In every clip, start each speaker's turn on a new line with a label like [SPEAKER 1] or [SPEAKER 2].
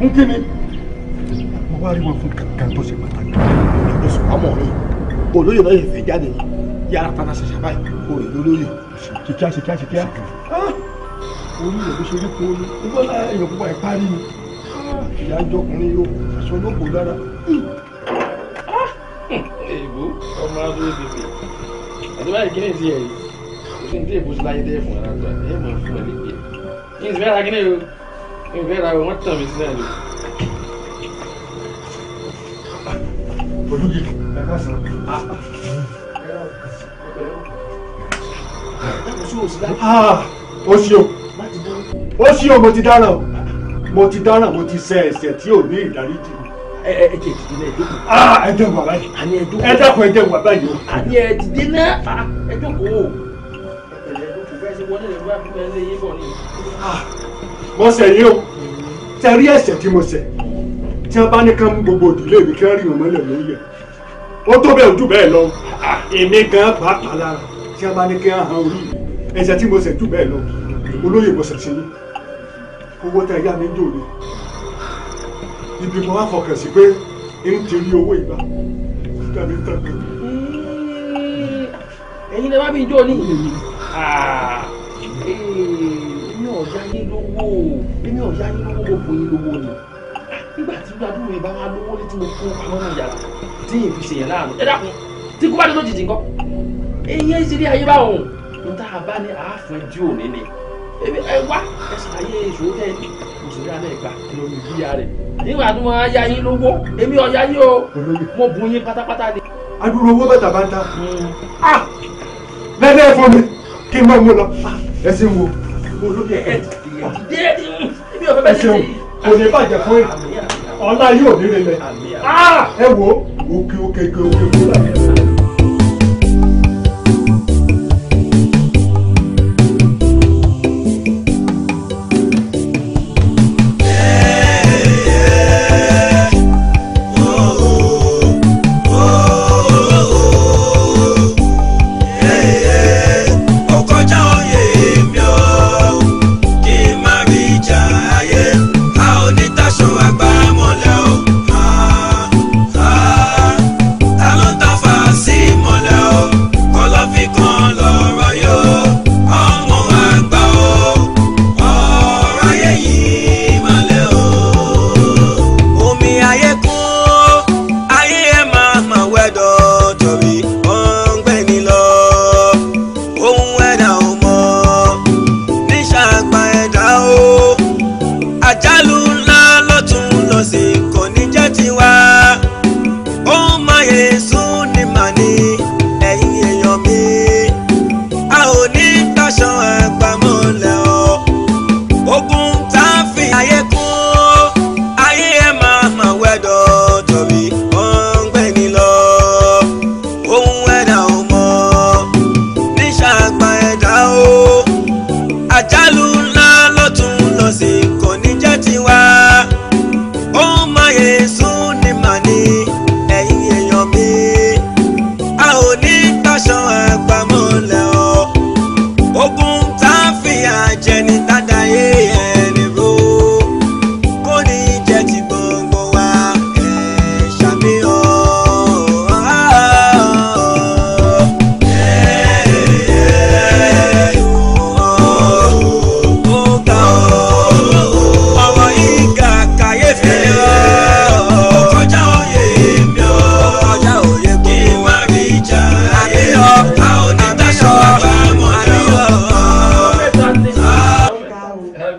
[SPEAKER 1] fún kí mo wá rí wọn fún kankan tó ṣe pàtàkì
[SPEAKER 2] mo sọ wá mọ̀ rí olóyè lọ́yẹ̀ fẹ́ jáde yàrá tata ṣẹṣẹ báyìí o rè lólóyè kíkíá kíkíá kíkíá ah! orí rẹ̀ ló ṣe rí kóró ó bọ́ lára èèyàn púpọ̀ parí ni ah! ìyá jọkùnrin yóò aṣọ olóko dára. èèbó ọmọ adúlé bèbè àti báyìí kí ni ìdí ẹ̀ yìí kò sí ní èèbó sí láyé dẹ́ fún ara gbà ẹ̀ mọ̀ fún ẹ̀ lẹ́gbẹ̀ẹ́ kí ni ìdí mẹ́ta ìbéèrè àwọn tàn mí sílẹ̀ ni. olùdí ẹ ká sàn. Ah, ó ṣe o ó o mo ti dáràn mo ti dáràn mo ti ṣẹ̀ ẹ̀ṣẹ̀ tí ò ní ìdáríjì ẹ jẹ dìde náà ẹjọ kò. aa ẹ dẹ́gun ah, àbáyé. àní ẹ dẹ́gun. ẹ dẹ́gun ẹ dẹ́gun o. àní ẹ dìde náà ẹjọ ah, kò. ẹ jẹ kó fẹsẹ̀ mo ṣẹ̀ yín o tẹ rí ẹ̀ṣẹ̀ tí mo ṣẹ̀ tí wọ́n bá ní ká mú gbogbo òdìlé mi kí wọ́n rí wọn mọ́lẹ̀ lórí ẹ̀ ó tó bẹ́ẹ̀ ojú bẹ́ẹ̀ lọ ah, èmi gan pàápàá lára tí wọ́n bá ní kí wọ́n han orí ẹ̀ṣẹ̀ tí mo ṣẹ̀ jù bẹ́ẹ̀ lọ olóyè mo ṣẹ̀ sí ní owó tẹ yá mi ń dòde ibi mo wá fọkàn sí pé n ti rí owó ìgbà tàbí tàbí. ẹ̀yin lè wá bí ijó ní ọ̀yá yín lówó èmi ọ̀yá yín lówó mo fún yín lówó ni nígbà tí gbàdúrà ìbá wa lówó ní tí mo fún pamọ́ náà yàrá tí yìí fi ṣèyàn láàánú ẹ dákun tí kú bá dé lójijì nǹkan eyín ẹ ṣeré ayé báwọn n tá a bá ní àáfin jí òní ni ẹ wá ẹ ṣàyè ìṣòro tẹ òṣèré alẹ́ ìgbà lórí ìbíyà rẹ̀ nígbà tí wọ́n á yá yín lówó èmi ọ̀yá yín o mo bùn yín pátápátá ni. adúrò owó bàtà bá hmm. ah, ta lẹ́lẹ́ fún mi kí n máa ń lọ ah! ẹ sì ń wò olóyè ẹ̀ díẹ̀ ibi ò kò ní bàjẹ́ fún ẹ̀ ọ̀la yóò ní rẹ̀ ah! ẹ wo òkè òkè òkè òkè.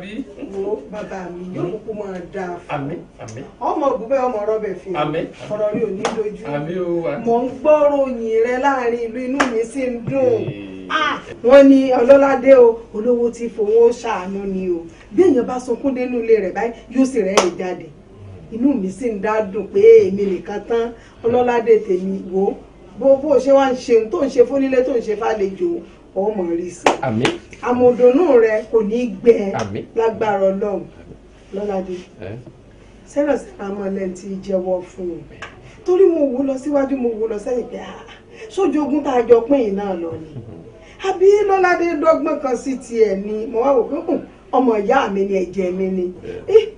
[SPEAKER 1] àbí. wo bàbá mi yóò hmm.
[SPEAKER 2] kúkú máa da fún. àmín àmín. ọmọ ògùnbẹ ọmọ rọbẹ fi. àmín àmín. ọ̀rọ̀ mi ò ní o wa. mò ń
[SPEAKER 3] gbọ́ ròyìn rẹ láàrin ìlú inú mi sì ń
[SPEAKER 2] dùn. wọ́n ní
[SPEAKER 3] ọlọ́ládé o olówó ti fowó ṣàánú ni o bí èèyàn bá sunkún dénú ilé rẹ̀ báyìí yóò sì rẹ́ ẹ̀ jáde inú mi sì ń dá pé èmi nìkan tán ọlọ́ládé tèmi wò bó bó ṣe wá ń ṣe tó ń ṣe fónílé tó ń ṣe fàlejò ó mọ̀ rí sí i àmọ̀dùnú rẹ kò ní í gbẹ lágbára ọlọ́run lọ́ládé sẹ́rọ̀ sẹ́rọ̀ àmọ́ lẹ́yìn tí jẹ́wọ́ fún un torí mo wò lọ síwájú
[SPEAKER 2] mo wò lọ sẹ́yìn pé ah, sójú ogun tá a jọ pín in náà lọ ni àbí lọ́ládé dọ́gbọ́n kan sí tiẹ̀ ni mo wá wò pé hmm, ọmọ ìyá mi ni ẹ̀jẹ̀ mi ni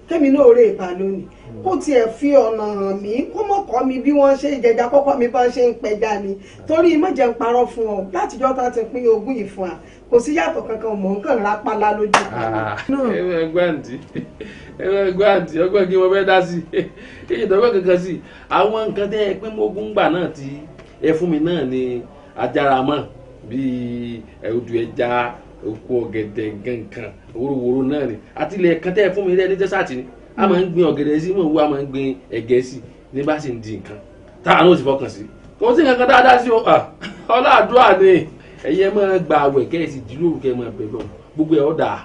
[SPEAKER 2] kẹ́mi náà rè é pa lónìí kó tiẹ̀ fi ọ̀nà hàn mí kó mọ̀ kọ́ mi bí wọ́n ṣe ìjẹjà
[SPEAKER 3] kọ́kọ́ mi bá ṣe ń pẹja mi torí mọ̀jẹ̀ ń parọ́ fún ọ látijọ́ tá ti pín ogún yìí fún wa
[SPEAKER 2] kò sí yàtọ̀ kankan mò ń kàn rápálá lójú kan. Ah, ẹ wẹ gbàǹdì ẹ wẹ gbàǹdì ọgbọ́n kí wọ́n fẹ́ dá sí i èyí tọ́gbọ́n kankan sí i àwọn nǹkan tẹ́ ẹ pín ogún gbà náà ti ẹ fún mi náà ni ajáramọ́ bíi odò ẹja oko ọ̀gẹ̀dẹ̀ gankan wórówóró náà ni àti ilẹ̀ kan tẹ́ ẹ fún mi rẹ́ ní tẹ́sàtì ni a máa ń gbin ọ̀gẹ̀dẹ̀ sí mò ń wú a máa ń gbin ẹ̀gẹ́ sí ní bá sì ń di nǹkan táwa náà ti fọkàn sí kò sí nǹkan dáadáa sí ah, ọlọ́àdúrà ni ẹ̀yẹ máa gba àwẹ̀ kẹ́ dúró kẹ́ máa bẹ̀ gbogbo ẹ̀ ọ́ dáa.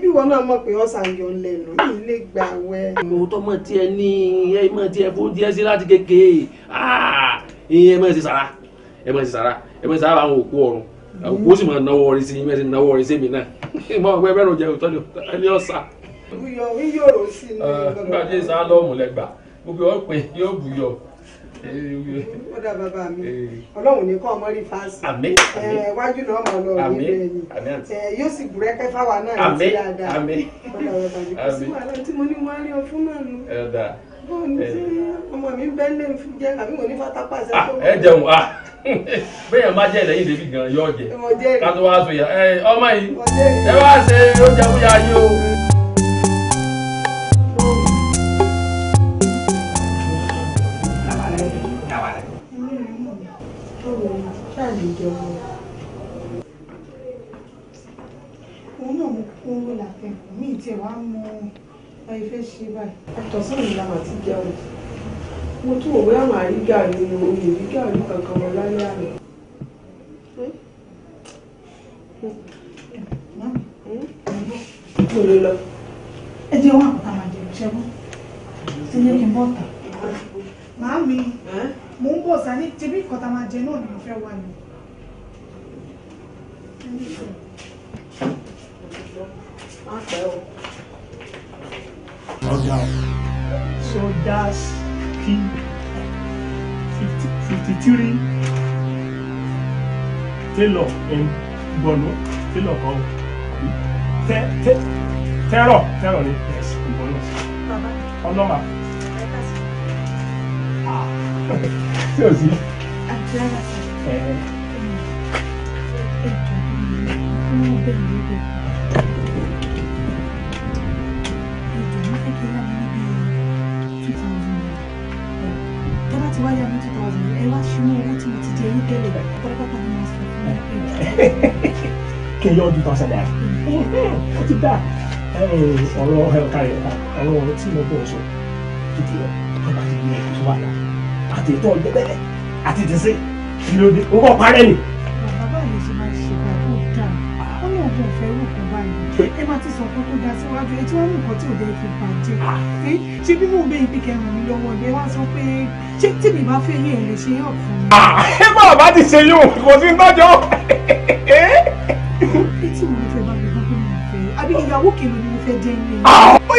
[SPEAKER 2] bí wọn náà mọ̀ pé wọ́n ṣàyọ̀ yìí lè gbà wẹ́. mo tọ́ mọ̀ tí ní ẹ mọ̀ tí fún díẹ̀ sí láti kékeré ah, ẹ mọ̀ ẹ ti sara ẹ mọ̀ ẹ ti sara ẹ mọ̀ ẹ sara àwọn òkú ọ̀run òkú sì máa náwó ọ̀rẹ́ sí ẹ mọ̀ ẹ ti náwó ọ̀rẹ́ sí mi náà mọ̀ ọ̀gbẹ́ bẹ́ẹ̀ ló jẹ́ òtọ́jú ẹni ọ̀sà buyọ nígbà tí ìsá lọ́ọ̀mù lẹ́gbà gbogbo wọn pé yóò buyọ. ó dà bàbá mi ọlọ́run ní kọ́ ọmọ rí fásitì. àmín wájú náà mọ̀ lọ rí lẹ́yìn yóò sì bùrẹ́kẹ́ fáwa náà ní ti dáadáa. ó dà bàbá mi kò sí wàhálà tí mo ní mo á rí ọ náà nù. ẹ dáa ẹ jẹun a ah. bẹ́ẹ̀ má jẹ́ lẹ́yìn débi gan yọ jẹ ká wá so yà ọmọ yìí
[SPEAKER 1] ẹ wá ṣe oúnjẹ fún yà yín
[SPEAKER 2] o.
[SPEAKER 3] lè jẹ wọn. òun náà mo kó làfẹ́ mi ì tiẹ̀ wá mọ ẹ fẹ́ ṣe báyìí.
[SPEAKER 2] àtọ̀sán mi la mà ti jẹun mo tún wò bóyá màá rí gàrí ni o lè rí gàrí kankan mọ lálẹ́ àná.
[SPEAKER 3] Hm? mo lè lọ. ẹ jẹ́ wọn àpótá máa jẹun ṣẹ́gun ṣe yẹ kí n bọ́ ta. Hm? màámi mo hm? ń bọ̀ sani tibí ìkọta máa jẹ náà ni mo fẹ́ wà ní.
[SPEAKER 2] Soldiers King fifty three Taylor Bono Taylor kan tẹ tẹ tẹrọ tẹrọ ni yes Borno ọlọ́mà tí ah. o sí kẹyọ ọdún tọ́sẹ̀ ó ti dà ọ̀rọ̀ ẹ̀ka ẹ̀ka ọ̀rọ̀ tí mo bọ̀ sọ títí lọ ọba ti gbé ẹ̀kọ́ tó wà lá àti ìtọ́ ọjọ́ àti ìtẹ̀sẹ̀ kí ló dé ó kọ́ parẹ́ nì.
[SPEAKER 3] fẹ́ wù kó báyìí ẹ má ti sọ pé kó da síwájú ẹ tí wọ́n mú nǹkan tí ò dé fi bàjẹ́ ṣé bí mo gbé ibi kẹrin mi lọ́wọ́ ni ẹ wá sọ pé ṣé tí mi bá fẹ́ yé ẹ lè ṣe yóò fún mi.
[SPEAKER 2] ẹ má bá ti ṣe yóò kò sí gbọ́jọ́.
[SPEAKER 3] bí tí mo fẹ́ bá mi gbọ́ pé mo fẹ́ àbí ìyàwó kìlọ̀ ni mo fẹ́ jẹ́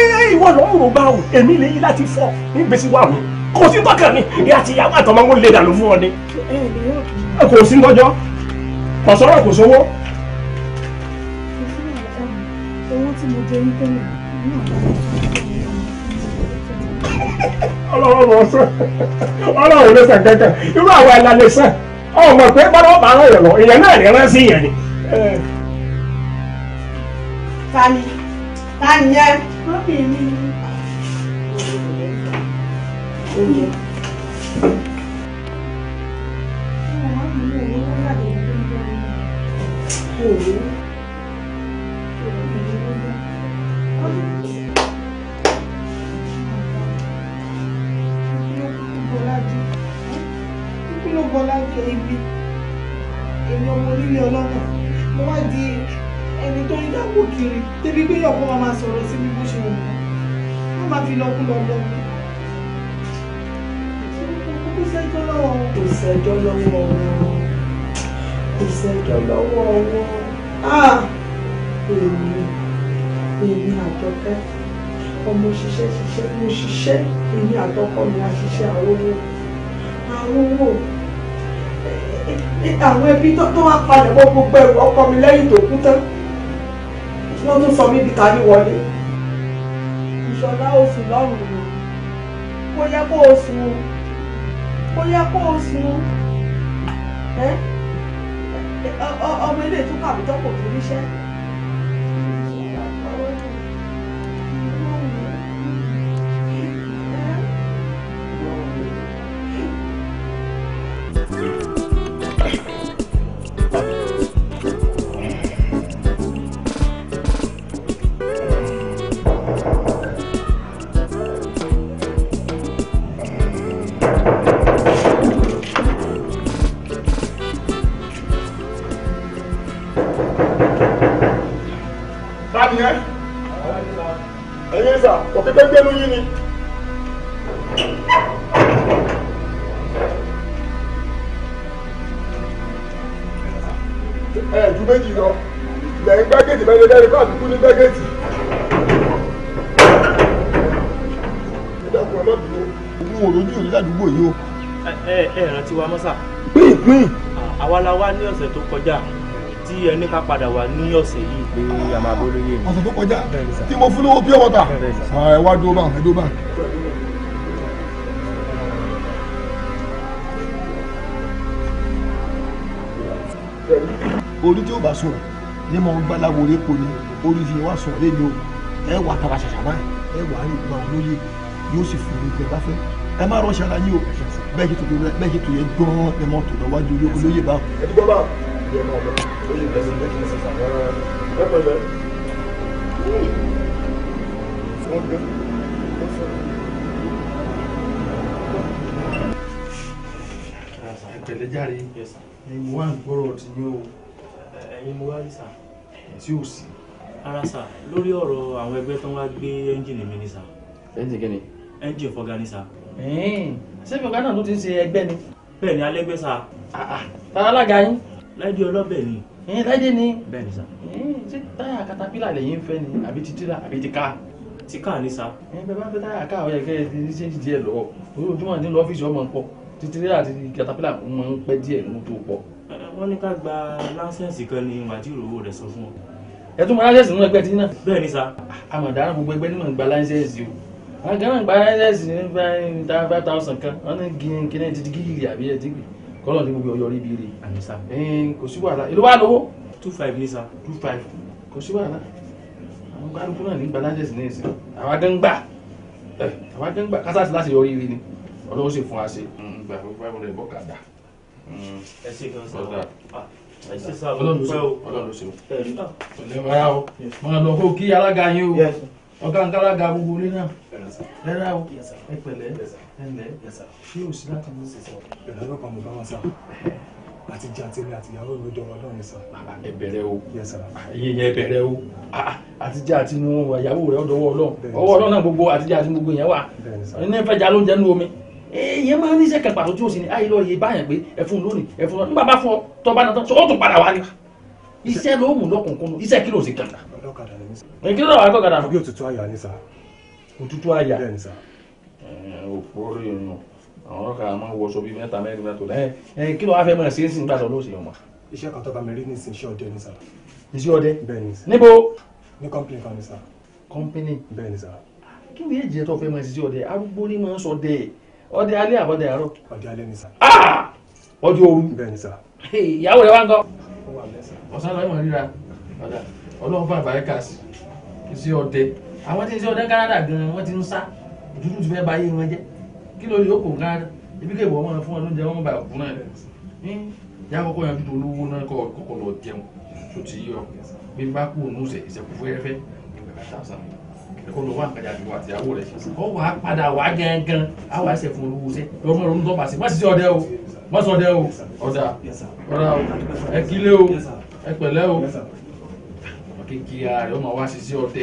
[SPEAKER 2] ilé. ìwọ ló ń rò o èmi lè yí láti fọ ní gbèsè wa mi kò sí tọkàn mi ìyá àti ìyàwó àtọmọ gbọ́jọ́ kò sọ̀rọ̀ kò sówó.
[SPEAKER 3] ọlọ́wọ́
[SPEAKER 2] mọ̀ sàn ọlọ́wọ́ ló sàn kankan irú àwọn ẹ̀lànà sàn ọmọ pé bọ́lá bá rán ìrànlọ́ ìyẹn náà lè rán sí ìyẹn ni.
[SPEAKER 3] tani tani yẹn.
[SPEAKER 1] Thank you.
[SPEAKER 3] Bọ́láńtò ibi èmi ọmọ onílé ọlọ́nà mo wá di ẹni tó ń yáwó kiri débi pé ọ̀pọ̀ máa máa sọ̀rọ̀ sí mi bó ṣe wù wọ́n
[SPEAKER 2] wọ́n máa fi lọ́kú lọ lọ kò
[SPEAKER 3] sẹ́jọ́ lọ́wọ́ wọn.
[SPEAKER 2] kò sẹ́jọ́ lọ́wọ́ wọn. kò sẹ́jọ́ lọ́wọ́ wọn.
[SPEAKER 3] Ah! èmi èmi àjọkẹ́ ọmọ ṣiṣẹ́ ṣiṣẹ́ mo ṣiṣẹ́ èmi àtọkọ mi àṣiṣẹ́ àwọn owó àwọn
[SPEAKER 2] owó àwọn ẹbí tó tó wá palẹ̀ mọ́ gbogbo ẹ̀rọ ọkọ mi lẹ́yìn tó kú tán wọ́n tún sọ mí di tani wọlé ìṣọ̀lá
[SPEAKER 3] oṣù lọ́rùn mi kó yẹ kó o sùn o kó yẹ kó o sùn o ọmọ ilé ìtúkọ̀ àwùjọ kò
[SPEAKER 1] tó níṣẹ́.
[SPEAKER 2] ta nìyẹn ẹ̀yin sà òkété gbẹ́nu yín ni. ẹ ju méjì lọ lẹ́yìn gbẹ́gẹ́tì bẹ́ẹ̀ lẹ́yìn kọ́ àbíkú ní gbẹ́gẹ́tì. ìdàkùn ọlọ́dúnrún òun ò lójú òní ládùúgbò yìí o. ẹ ẹ rántí wa mọ́sà. pín pín. àwa la wá ní ọ̀sẹ̀ tó kọjá tí ẹni ká padà wá ní ọ̀sẹ̀ yìí pé a máa bọ́ lóye mi. ọ̀sẹ̀ tó kọjá tí mo fún lówó pure water ẹ wá dúró báyìí ẹ dúró báyìí. orí tí ó bá sọ̀rọ̀ ní mọ̀ ń gbáláwo epo ni orí fi wá sọ̀rọ̀ lé o ẹ wà tara ṣàṣà báyìí ẹ wà rí ìgbà olóye yóò sì fún mi bẹ́ẹ̀ bá fẹ́ ẹ má rọ́ṣà ara yín o bẹ́ẹ̀ ṣe tó yẹ gbọ́n ẹ mọ̀ tó lọ wájú olóye báwọn. ẹ ti gbọ́ báwọn yẹ mọ ọbẹ ó yí bẹsẹ méjì sísan rárá lẹpẹlẹ wọn
[SPEAKER 1] dé wọn sọ.
[SPEAKER 2] ìpẹ̀lẹ́ jàre ìmú wa ń gbọ́rọ̀ ti ní o. ẹ̀yin mo wá rí sà. tí ò sí. ara sà lórí ọ̀rọ̀ àwọn ẹgbẹ́ tó ń wá gbé ẹ́ńjìnì mi ni sà. ẹ́ńjìn kí ni. ẹ́ńjìn fọ́gá ni sà. ṣé fọ́gá náà ló ti ń ṣe ẹgbẹ́ ni. bẹ́ẹ̀ ni alẹ́gbẹ́ sà. tààlà ga yín láìdé ọlọ́bẹ̀ ni. ẹ̀yin láìdé ni. bẹ́ẹ̀ni sá. ṣé táyà katapila lẹ́yìn fẹ́ ni àbí ti tírà àbí ti ká. ti ká ni sá. ẹ bẹ bá fẹ́ táyà ká ọyà kẹ ẹ ní ṣéǹjì díẹ̀ lọ́wọ́ ojoojúmọ́ ní lọ́fíìsì ọmọ ń pọ̀ ti àti katapila máa ń pẹ́ díẹ̀ mú tó pọ̀. wọ́n ní ká gba láńsẹ̀nsì kan ni màdìrò owó rẹ̀ sọ fún wọn. ẹ tún máa láńsẹ̀nsì nínú ẹgbẹ́ tí náà. bẹ́ẹ̀ni sá. àmọ̀dára ah, gbogbo ẹgbẹ́ ní mọ̀ ń gba láńsẹ̀nsì o àwọn kan náà gba láńsẹ̀nsì ní five thousand kan kọ́lọ̀ ní gbogbo ọyọ́ rí bí rí. àmì sá. kò sí wàhálà èló wà lówó. two five ní sá. two five kò sí wàhálà àwọn kálukú náà ní gbadájẹ́ sí ní ìsìn àwa gán gbà àwa gán gbà kásá sí láti yọrí rí ni ọlọ́wọ́ sì fún wa ṣe. Mm, gbà fún five hundred bọ́ kà dà. Mm. ẹ ṣe kan sọ ẹ ṣe sá ọlọ́run ṣe ọlọ́run ṣe. ọ̀lẹ́wàá o mo lọ kó kí alága yín o ọ̀gá nkárá ga gbogbo ilé náà lẹ́rà o ẹ̀pẹ̀lẹ́ ẹ̀lẹ́ ṣé o sí láti mú sí sọ. ìlànà kan mo bá wọn sá àti jẹ àti ilé àti ìyàwó mi dọwọ lọrùn sá. o iye yẹn bẹ̀rẹ̀ o ah, ah. àti jẹ àti inú ìyàwó rẹ dọwọ Ọlọ́run ọwọ́ Ọlọ́run náà gbogbo àti jẹ àti gbogbo yẹn wà ní fẹ́ jà ló ń jẹ nínú omi èèyàn máa ń ní sẹ́kẹ̀ pàtó tí ó sì ní ayé lọ yé báyàn pé ẹ fún lónìí ẹ fún lónìí nígbà bá fọ tọ́ bá náà tán ó tún padà wá ní. iṣẹ́ ló mú lọ́kùnkún iṣẹ́ kí ló sì kàkà
[SPEAKER 1] ọlọ́kadà ni mí sà.
[SPEAKER 2] èkí ló wà kọ́kadà. àbí òtútù àyà ni sà. òtútù àyà. bẹ́ẹ̀ ni sà. òpó rí inú àwọn ọlọ́kadà máa ń wọṣọ bíi mẹ́ta mẹ́rin mẹ́ta tó lẹ́yìn. ẹ kí ló wàá fẹ́ mọ̀ ẹ́ sí gbà tó lóṣèlú ọmọ. iṣẹ́ kan tó bá mi rí ní ìsìn ọdẹ ni sà. iṣẹ́ ọdẹ. bẹ́ẹ̀ ni sà. níbo. ní kọ́ńpìnì kan ni sà. kọ́ńpìnì. bẹ́ẹ̀ ni sà. kí ni èjì tó fẹ́ mọ̀ ọdẹ ọdẹ alẹ́ àbọ̀dẹ àárọ̀. ọdẹ alẹ́ ni sà. ọjọ́ òru. bẹ́ẹ̀ ni sà. ìyàwó rẹ̀ wá ń gọ. ọ̀sán lọ́ọ́ ìmọ̀ ríra. ọ̀dà ọlọ́run fún àbáríkà sí iṣẹ́ ọdẹ àwọn tí ń ṣe ọdẹ Canada gan wọ́n ti ń sá òtútù ti fẹ́ ba ayé wọn jẹ́ kí ló lè ó kò ń Canada ibi kí ìwọ wọn fún wọn lóúnjẹ wọn bá kú náà ní ìyá àkọ́kọ́ yẹn tó olówó náà kọ́ kọ́kọ́ lọ jẹun tó ti yọ bí bá kú òun ṣe ìṣẹ̀kú fẹ́rẹ́fẹ́ kó lọ wá nǹkan àdúgbò àtìyàwó rẹ ọ wà fún olówó ṣe lọmọ ẹ kílé o ẹ pẹ̀lẹ́ o kékeré ara rẹ̀ ó máa wá ṣiṣẹ́ ọdẹ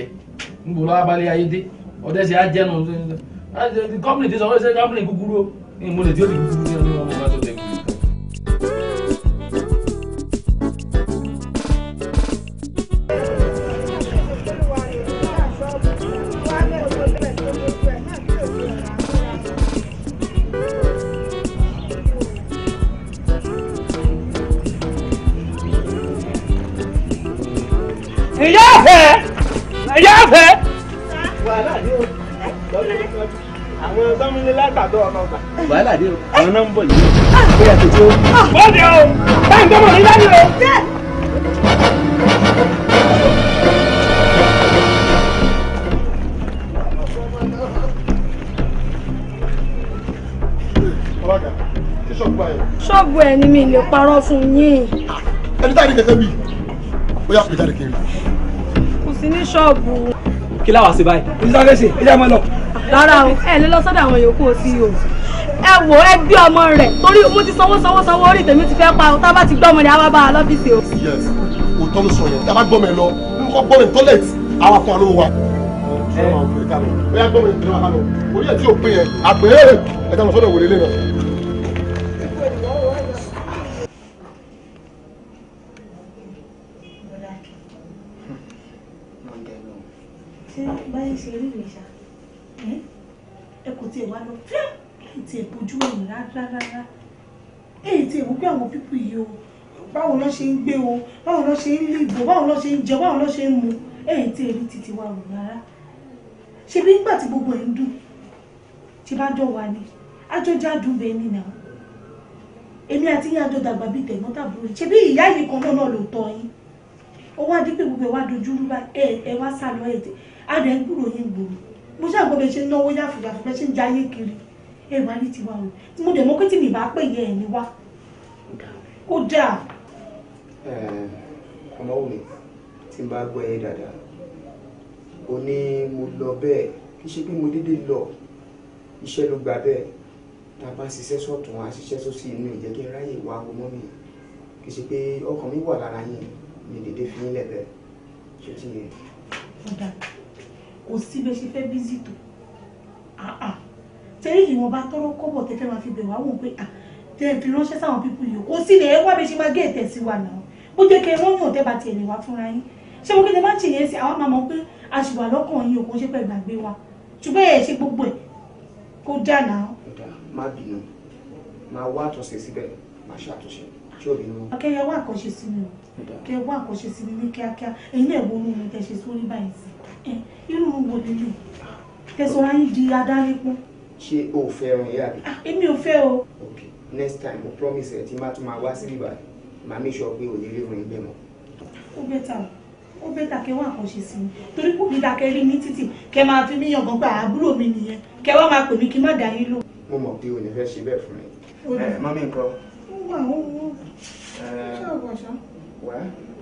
[SPEAKER 2] níbo lọ́wọ́ abalẹ̀ ayé dé ọdẹ ṣe á jẹ́nu kọ́mìnì ti sọ wọ́n ṣe kọ́mìnì kúkúrú ìmúlẹ̀ tí ó fi kúkúrú ní ọmọ ọmọ ọmọ ẹ. wàhálà dé o àwọn sọmúlé látàdọ ọ̀nà ọgbà. wàhálà dé o àwọn náà ń bọ̀ yìí ó yà tètè o. bọ́ọ̀dì o báyìí tó mọ̀ ní láti o.
[SPEAKER 3] ṣọ́ọ̀bù ẹ̀ ni mi lè parọ́ fún yín.
[SPEAKER 2] ẹni tá a ní kẹ̀kẹ́ bíi ó yà pé kiri
[SPEAKER 3] sí ní ṣọ́ọ̀bù.
[SPEAKER 2] kí láwa ṣe báyìí. ìṣàlẹ̀ ṣe ẹja máa lọ.
[SPEAKER 3] rárá o ẹ lè lọ sọ́dọ̀ àwọn yòókù òsì o ẹ wò ẹ gbé ọmọ rẹ torí mo ti
[SPEAKER 2] sanwó sanwó sanwó orí tèmi ti fẹ́ pa o tá a bá ti gbọ́ ọmọ rẹ á wá bá a lọ́fíìsì o. yes òótọ́ ló sọ yẹn tá a bá gbọ́ mi lọ nǹkan gbọ́ mi tọ́lẹ̀tì àwọn afọ àlọ́ wa. ẹ ẹ gbọ́ mi tẹ̀lé wa lọ orí ẹ̀ tí ò pé yẹn àpè ẹ̀ ẹ̀ ẹ̀
[SPEAKER 3] rárá èyí tí èmi pé àwọn pípù yìí o báwo ló ṣe ń gbé o báwo ló ṣe ń lìgbò báwo ló ṣe ń jẹ báwo ló ṣe ń mu èyí tí èmi ti ti wà rò rárá ṣebí nígbà tí gbogbo ẹ̀ ń dùn tí bá jọ wà ní àjọjá dùn bẹ́ẹ̀ nìyà èmi àti yín àjọ dàgbà bíi tẹ̀gbọ́n tàbúrò ṣebí ìyá yìí kan náà ló tọ́ yín ó wá dípé gbogbo ẹ̀ wá dojú rú bá ẹ wá sá lọ ẹ̀ adùn ẹ̀ ń gbúrò yín gbòòrò mo ṣàgbọ́ bẹ́ẹ̀ ṣe ń náwó yàfùyàfù bẹ́ẹ̀ ṣe ń jayé kiri ẹ wà ní tiwa o mo dẹ̀ mọ́ pé tí mi bá pè yẹ ẹ̀ ní wa ó dáa.
[SPEAKER 2] ọmọ wù mí tí n bá gbọ́ ẹ dáadáa ó ní mo lọ bẹ́ẹ̀ kí ṣe pé mo dédé lọ iṣẹ́ ló gba bẹ́ẹ̀ tá a bá ṣiṣẹ́ sọ̀tún a ṣiṣẹ́ sósì inú ìjẹ́ kí ráyè wá wo mọ́ mi kì í ṣe pé ọkàn mi wà lára yín mi dédé fi yín lẹ̀ ṣé ti yẹ.
[SPEAKER 3] kò sí bẹ́ẹ̀ ṣe fẹ́ bísí tó ṣé ìwọ̀nba tọ́rọ́ kọ́bọ̀ tẹ́fẹ́ máa fi bẹ̀ wá wọ̀n pé à ah, tẹ́ ẹ fi ránṣẹ́ sáwọn pípú yìí kò sí lè ẹ wá bí ṣe máa gé ètẹ̀ sí wa náà bó jẹ́ kẹ́ ẹ wọ́n yàn tẹ́ bá tiẹ̀ lè wá fúnra yín ṣé mo kéde má ṣe yẹn sí àwọn máa mọ̀ pé a ṣì wà lọ́kàn yín o kò ṣe pẹ́ gbàgbé wa ṣùgbọ́n ẹ̀ ṣe gbogbo ẹ̀ kó dà náà. ọ̀dà
[SPEAKER 2] má bínú máa wá àtúnṣe síbẹ̀ máa ṣe àtúnṣe tí ò bínú.
[SPEAKER 3] akẹ́yẹ wá àkọ́ṣe sínú kẹ́ wá àkọ́ṣe sínú ní kíákíá èyí náà wo ohun tẹ́ ṣe sórí báyìí sí irú wo nílò ah, tẹ̀sán ayé di adálékún
[SPEAKER 2] ṣé o ò fẹ́ ẹran yẹn
[SPEAKER 3] ah, èmi ò fẹ́ o. ok
[SPEAKER 2] next time mo promise ẹ tí má tún máa wá sí bíbá màá make sure pé òye rírun ẹgbẹ́ mọ́.
[SPEAKER 3] ó bẹ́tà ó bẹ́tà kẹ́ wá àkànṣe sí mi torí kò ní dákẹ́ rí ní títì kẹ́ máa fi mí yangàn pé àbúrò mi nìyẹn kẹ́ wá máa pè mí kí má dá yín lò.
[SPEAKER 2] mo mọ̀ pé o ní fẹ́ ṣe bẹ́ẹ̀ fún mi. mọ́mí nǹkan. ó
[SPEAKER 3] wà ó wò ṣé o wọ̀ ṣá.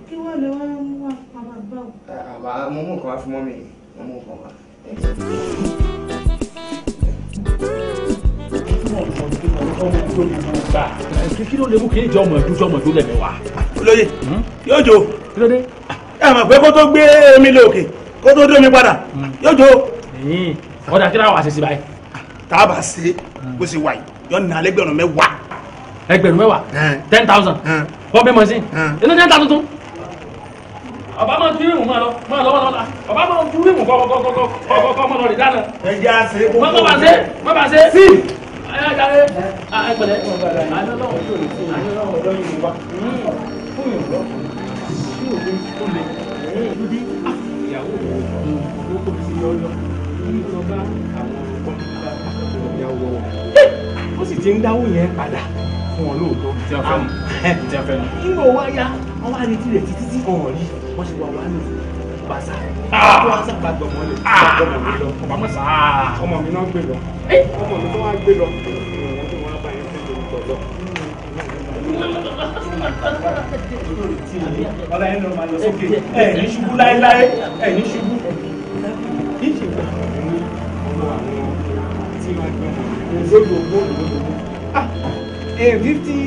[SPEAKER 3] kí wọ́n lè wá mú wa àbá
[SPEAKER 2] àbá mo mú nǹkan wá fún mọ́mí mo mú nǹkan wá kí ló lè mú kí ní jọmọ ẹdún jọmọ ẹdún lẹmí wa. olóye hmm? yóò jó ẹ mọ̀ pé kó tó gbé omi lókè kó tó dé omi padà hmm. yóò jó. ọ̀dà kí láwọn àṣẹṣe báyìí. tá ṣe hmm. bó ṣe wà yìí yọ ní mẹ́wàá. ẹgbẹ̀rún mẹ́wàá ten thousand. bọ́ọ̀bẹ́ mọ̀ sí inú ten thousand tuntun ọba máa tún ìwọ̀n máa lọ máa ọba máa tún ìwọ̀n kọ́kọ́kọ́kọ́ máa lọ rè dáná. ẹ jẹ́ àṣẹ kókó. má bàa ṣe má bàa ṣe. sí. ayé ajá rẹ ayé pẹ̀lẹ́. ó sì ti ń dáwó yẹn padà fún wọn lóòótọ́. tí a fẹ́ nu. nígbà wáyà wọn wá retí rẹ̀ títí tí rí wọ́n ti wà wá ní bàtà tó ah! wá sábà gbọ̀mọ́ lè ah! ọmọ mi lọ ọmọ mi sá ah! ọmọ mi náà eh! gbé lọ ọmọ mi tó wá gbé lọ ìrìnàjò tó wá bá yẹn fún mi tọ̀ lọ. ọlá yẹn lọ máa lọ sókè ẹ ní ṣubú láéláé ẹ ní ṣubú kì í ṣe ìgbà ní ọmọ àwọn tí máa gbọmọ òdòdó òdòdó ah fifty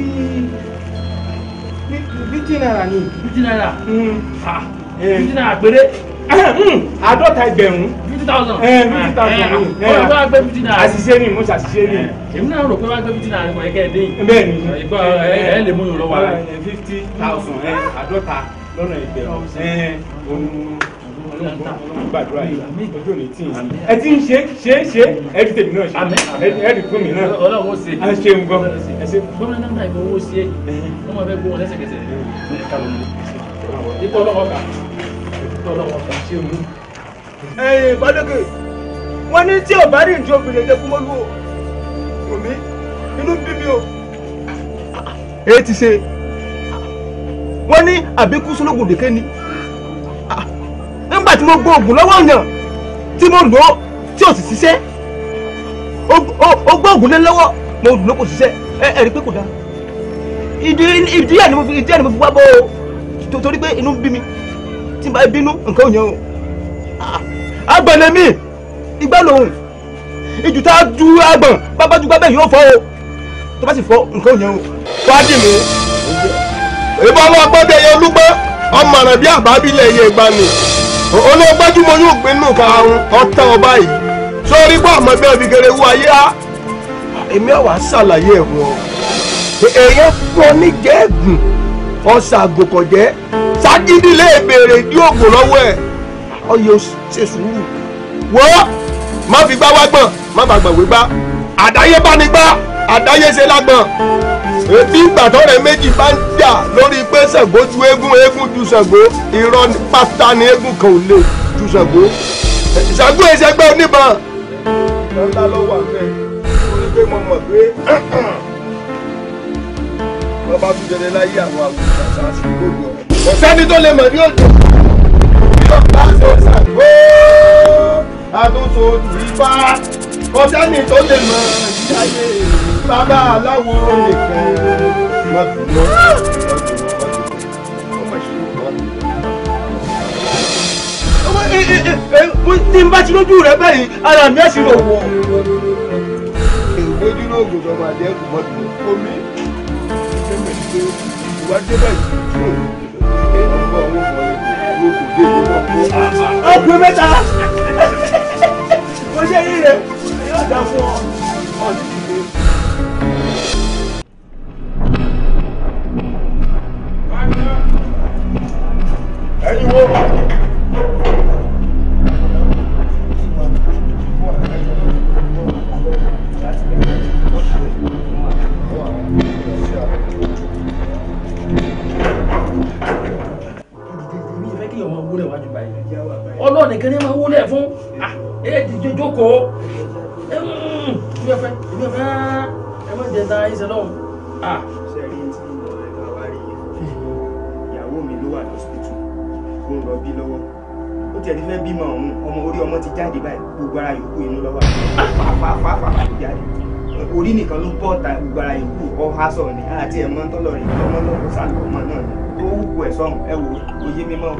[SPEAKER 2] méjì náírà ni. méjì náírà. méjì náírà péré. Hmm. àádọ́ta ẹgbẹ̀rún. fifty thousand. Eh, fifty eh, thousand eh, ni. ọ̀rọ̀ ah. tó wá fifty náírà. àṣìṣe ni mo ṣàṣìṣe ni. èmi náà rò pé wá gbé fifty náírà kò yẹ kẹ́ ẹ dé yìí. bẹ́ẹ̀ ni. ìgbọ́ ẹ lè mú yòó lọ́wọ́ rẹ̀. fifty thousand àádọ́ta lọ́nà ẹgbẹ̀rún gbàdúrà yìí ojú òní tí yìí ẹ ti ń ṣe ṣe ṣe ẹ ti tèmi náà ṣe ẹ ti fún mi náà ọlọ́wọ́ ṣe ẹ ṣe ń gbọ́ ẹ ṣe. gómìnà náà ìbò owó ṣe ọmọ ẹgbẹ́ gbowó lẹ́sẹ̀kẹsẹ̀ ipò ọlọ́wọ́ kà ipò ọlọ́wọ́ kà ṣe mú. ẹ̀yin balógun wọn ní tí ọba rí nǹkan obìnrin ẹ̀jẹ̀ kú mọ́lú omi inú bíbí o. èyí ti ṣe wọ́n ní àbíkú sólógùn dèké ni nígbà tí mo gbọ́ oògùn lọ́wọ́ èèyàn tí mo lò ó tí ò sì ṣiṣẹ́ ó gbọ́ oògùn lé lọ́wọ́ mo lò ó kò ṣiṣẹ́ ẹ ẹ rí i pé kò dáa ìdí ìdí ẹ̀ ni mo fi ìdí ẹ̀ ni mo fi wá bọ́ o torí pé inú bí mi tí n bá bínú nǹkan ò yẹn o ah, agbọ̀nlẹ̀ mi ìgbà lòun ìjù tá a ju agbọ̀n bábá ju gbábẹ́ yóò fọ́ o tó bá sì fọ́ nǹkan ò yẹn o. wá dì mí ìbọn ọmọ ọgbọ́n olúgbọ́n ọmọ rẹ̀ bí àbábílẹ̀ ẹyẹ ìgbani olóògbájúmọ́ yóò gbé nù karùn-ún ọ̀tàn ọba yìí sórí pé àmọ́ bẹ́ẹ̀ fi kéré wú ayé á èmi àwa ṣàlàyé ẹ̀ wọ́n èèyàn fún ọ ní jẹ́ẹ̀gùn ọ̀sà àgùnkọ̀jẹ́ ságídí lè béèrè ìdí òògùn lọ́wọ́ ẹ̀ ọyẹ ṣe sùúrù wọ́ má fi gbá wá gbọ̀n má bàgbà wé gbá àdáyébá ni gbá bí gbàtọ́rẹ̀ méjì bá ń jà lórí pé Ṣàngó ju eégún eégún ju Ṣàngó irọ́ pátá ni eégún kan ò lè ju Ṣàngó Ṣàngó ìṣẹ́gbẹ́ oníbọn. ọ̀la ló wà bẹ́ẹ̀ lórí pé mo mọ̀ pé bàbá tún jẹrẹ láyé àwọn àgùntà ṣáàṣì gbòòrò kò sẹ́ni tó lè mọ̀ ní òjò
[SPEAKER 1] yóò bá ṣe Ṣàngó
[SPEAKER 2] àtúnṣe olùrí bá tó lè mọ̀ ní ayé sábà aláwo nìkan mọ́tò tí n bá ti lójú rẹ báyìí ara mi á sì rò wọ. ìwéjú náà gòsò máa jẹ́ ìmọ̀tò omi ìwádìí báyìí tó ọgbà
[SPEAKER 1] owó kan
[SPEAKER 2] ọkùnrin mẹ́ta mo ṣe yí rẹ̀ yóò dá fún ọ. ariwo. tiẹ̀ ti fẹ́ bímọ ọ̀hún ọmọ orí ọmọ ti jáde báyìí gbogbo ara yòókù inú lọ́wọ́ fàfàfàfà jáde orí nìkan ló bọ́ ta gbogbo ara yòókù ọ̀há sọ̀rọ̀ ní àti ẹ̀mọ́ tọ́lọ̀ rẹ̀ ọmọ lọ́wọ́ sàlọ̀ ọmọ náà ni ó wù ẹ̀ sọ̀rọ̀ ẹ wò oyé mímọ́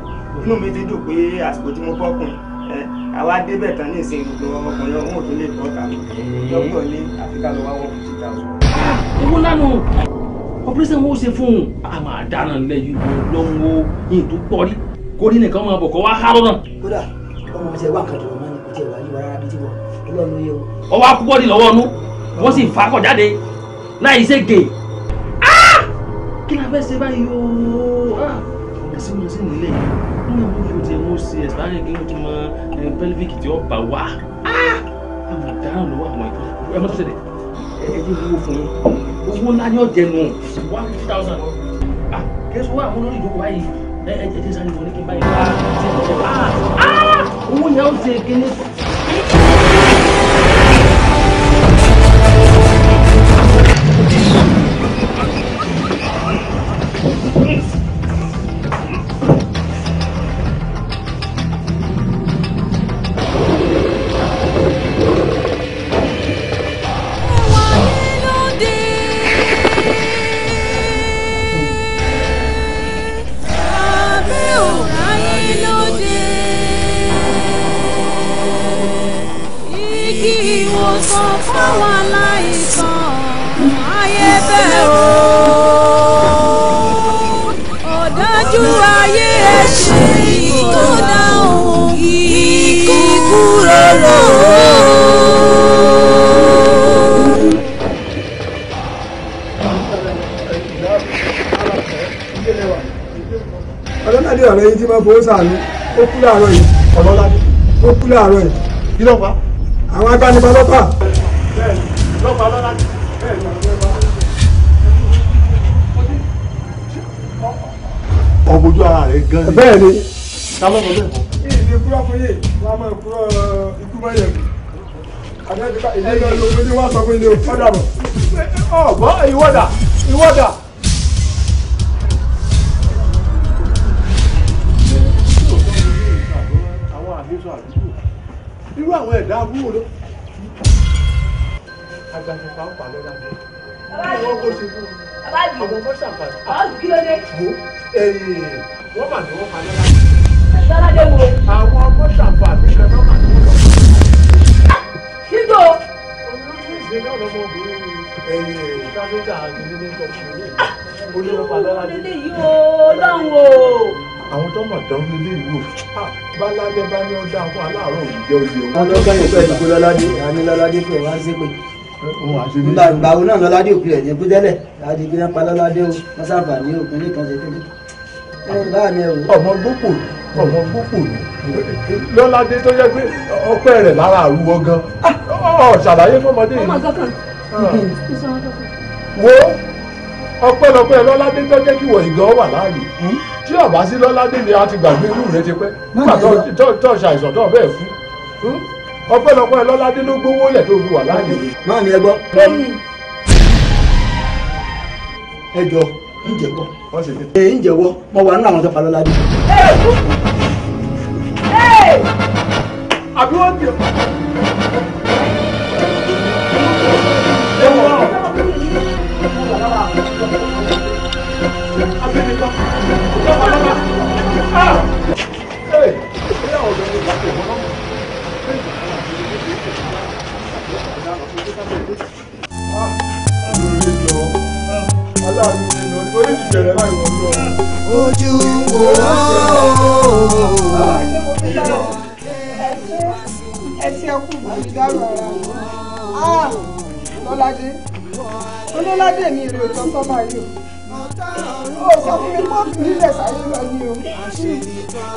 [SPEAKER 2] inú mi ti dùn pé àsìkò tí mo bọ́kùn ẹ àwa débẹ̀ tán ní ìsìn gbogbo ọmọkùnrin ọ̀hún òtún lè bọ́ ta dókítà ní àfikà lọ́wọ́ wọn kò ti ta owó lánàá ọpẹ́sẹ̀ wọn ó kórí nìkan máa bọ̀ kọ́ wá há lọ́nà. kódà ọmọ mi ṣe wá nǹkan tó máa ní kò tiẹ̀ wá yíwá rárá bí tí wọ́n ọlọ́run yẹ o. ọwọ́ akúkọ́ di lọ́wọ́ ọnú wọ́n sì fà á kọ̀ jáde láì ṣe gè. kí la fẹ́ ṣe báyìí o ẹ̀sìn mi sì nílẹ̀ nígbà mo fi tiẹ̀ mo ṣe ẹ̀sìn kí n tún mọ pelvic tí ó bà wá. àwọn ìdáhùn ló wà wọ́n ẹ mọ́ tó ṣẹlẹ̀ ẹ bí owó fún yín owó ńlá ni ó jẹnu one fifty thousand. kẹ́sùn wà mú lórí ìdókòwò báyìí ẹ ẹ jẹ́ sáré wọlé kí n bá yẹ. owó yẹn ó ṣe kíní. lò ara rẹ gan ni. bẹ́ẹ̀ ni. ta ló mọ bẹ́ẹ̀. ìdí kúrọ́ fún yìí gbọ́ yẹn àbẹ́tí ká ìdílé lọ́wọ́ ní wọ́n sọ fún ilé ọ̀dà bọ̀. ọ̀gbọ́n ìwọ́dà ìwọ́dà. fún aláàárọ̀ òjijẹ́ náà lọ́ládé òkú rẹ̀ ní kúdẹ́lẹ̀ láti gbé nípa lọ́ládé o wọ́n sábà ní òkú ní kan ṣe kéde. ọmọ gbópò ọmọ gbópò lọ́ládé tó yẹ pé ọpẹ́ rẹ̀ lára àrùwọ̀ gan ọ̀ ṣàlàyé fọmọdé yìí. Ah. wo ọpẹ́lọpẹ́ lọ́ládé tó jẹ́ kí wọ̀ ìgàn wà láàyè. tí bá sí ni a ti gbàgbé irú rẹ ti pẹ́ nígbà tó ṣàìsàn tó bẹ́ẹ̀ fún hmm? ọpẹ́lọpẹ́ lọ́ládé ló gbówó lẹ̀ tó wà láàyè. náà ni ẹ gbọ́. ẹ ẹ mo wà nínú àwọn tó pa àbí wọ́n ti. ojú wo ẹsẹ ẹkú bùkún dárò ara lọ́ládé olóládé mi rè ọjọ́ sọ́mà yìí o sọ fún mi pọ́ fi nílẹ̀ sáyé lọ ni o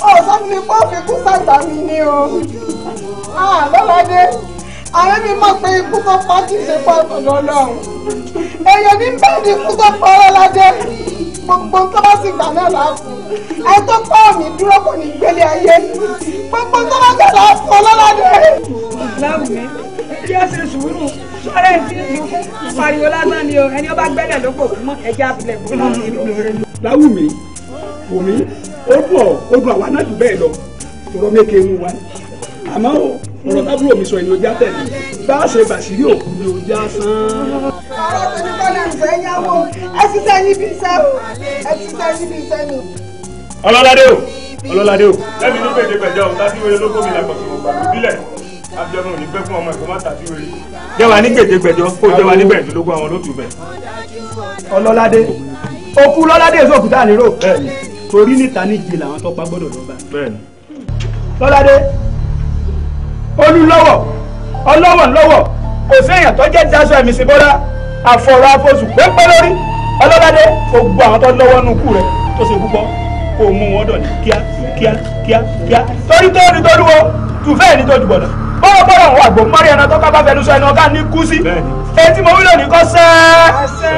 [SPEAKER 2] o sọ fún mi pọ́ fi kú sàgbà mi ni o lọ́ládé ààrẹ mi mọ̀ pé ikú tó pa tí pa ọ̀dọ̀ ọlọ́run èèyàn ní bẹ́ẹ̀ ni ikú tó pa ọ́ lọ́jẹ́ gbogbo tó bá sì gbà náà láàfù ẹ tó pa ọ̀mì dúró kò ní gbélé ayé gbogbo tó bá gbà láàfù ọlọ́ládé.
[SPEAKER 3] láwùmí kí ẹ ṣe sùúrù sọ́rẹ́ ẹ̀ tí mo pariwo lásán ni o ẹni ó bá gbẹ́dẹ̀ lóko fún mọ́ ẹ̀jẹ̀
[SPEAKER 2] abilẹ̀ kó náà ní lọ. láwùmí wùmí ó dùn ọ́ ó dùn àwa náà jù bẹ́ẹ̀ lọ tòrọ́ mẹ́kẹ́ inú wa àmọ́ ọ̀rọ̀ lábúrò mi sọ èyí ojá tẹ̀lé bá a ṣe bàṣírí òkú ni ojá sán. ọ̀rọ̀ tó ní kọ́nà ìfẹ́ yáwó ẹ ti
[SPEAKER 3] sẹ́ níbi iṣẹ́ o ẹ ti sẹ́ níbi iṣẹ́ ni. ọlọ́ládé o ọlọ́ládé o.
[SPEAKER 2] lẹ́mi ló bèèrè pẹ̀jọ́ òun láti wọlé ló gómìnà pọ̀ sí ògbà ìbílẹ̀ abiyamọ ní pẹ́ fún ọmọ ìfọwọ́ tàbí wẹ̀rẹ̀. jẹ́wà ní gbèdégbèjọ́ kó jẹ́wà ní gbẹ̀dúndínlógún àwọn olóòtú bẹ̀. ọlọ́ládé òkú lọ́ládé sókùtà nírò torí níta níjì làwọn tọ́pa gbọ́dọ̀ lọ́ba. lọ́ládé olúlọ́wọ̀ ọlọ́wọ̀ ńlọ́wọ̀ kò sí èèyàn tó jẹ́ daṣọ ẹ̀mí sí bọ́lá àfọ̀rọ̀ afọ̀sù pépé lórí ọlọ́ládé gbogbo àwọn tó lọ́wọ́ nù kú rẹ̀ tó ṣe púpọ̀ kó mú wọn dọ̀ ní kíá kíá kíá kíá torí tó ní torí wo tù fẹ́ẹ̀ ní tó jù bọ̀dọ̀ bọ́wọ́ bọ́wọ́ àwọn àgbò mọ́rí ẹran tó ká bá fẹnu sọ ẹnu ọ̀gá ní kú sí etí mo wílò ní kọ́ sẹ́ẹ́.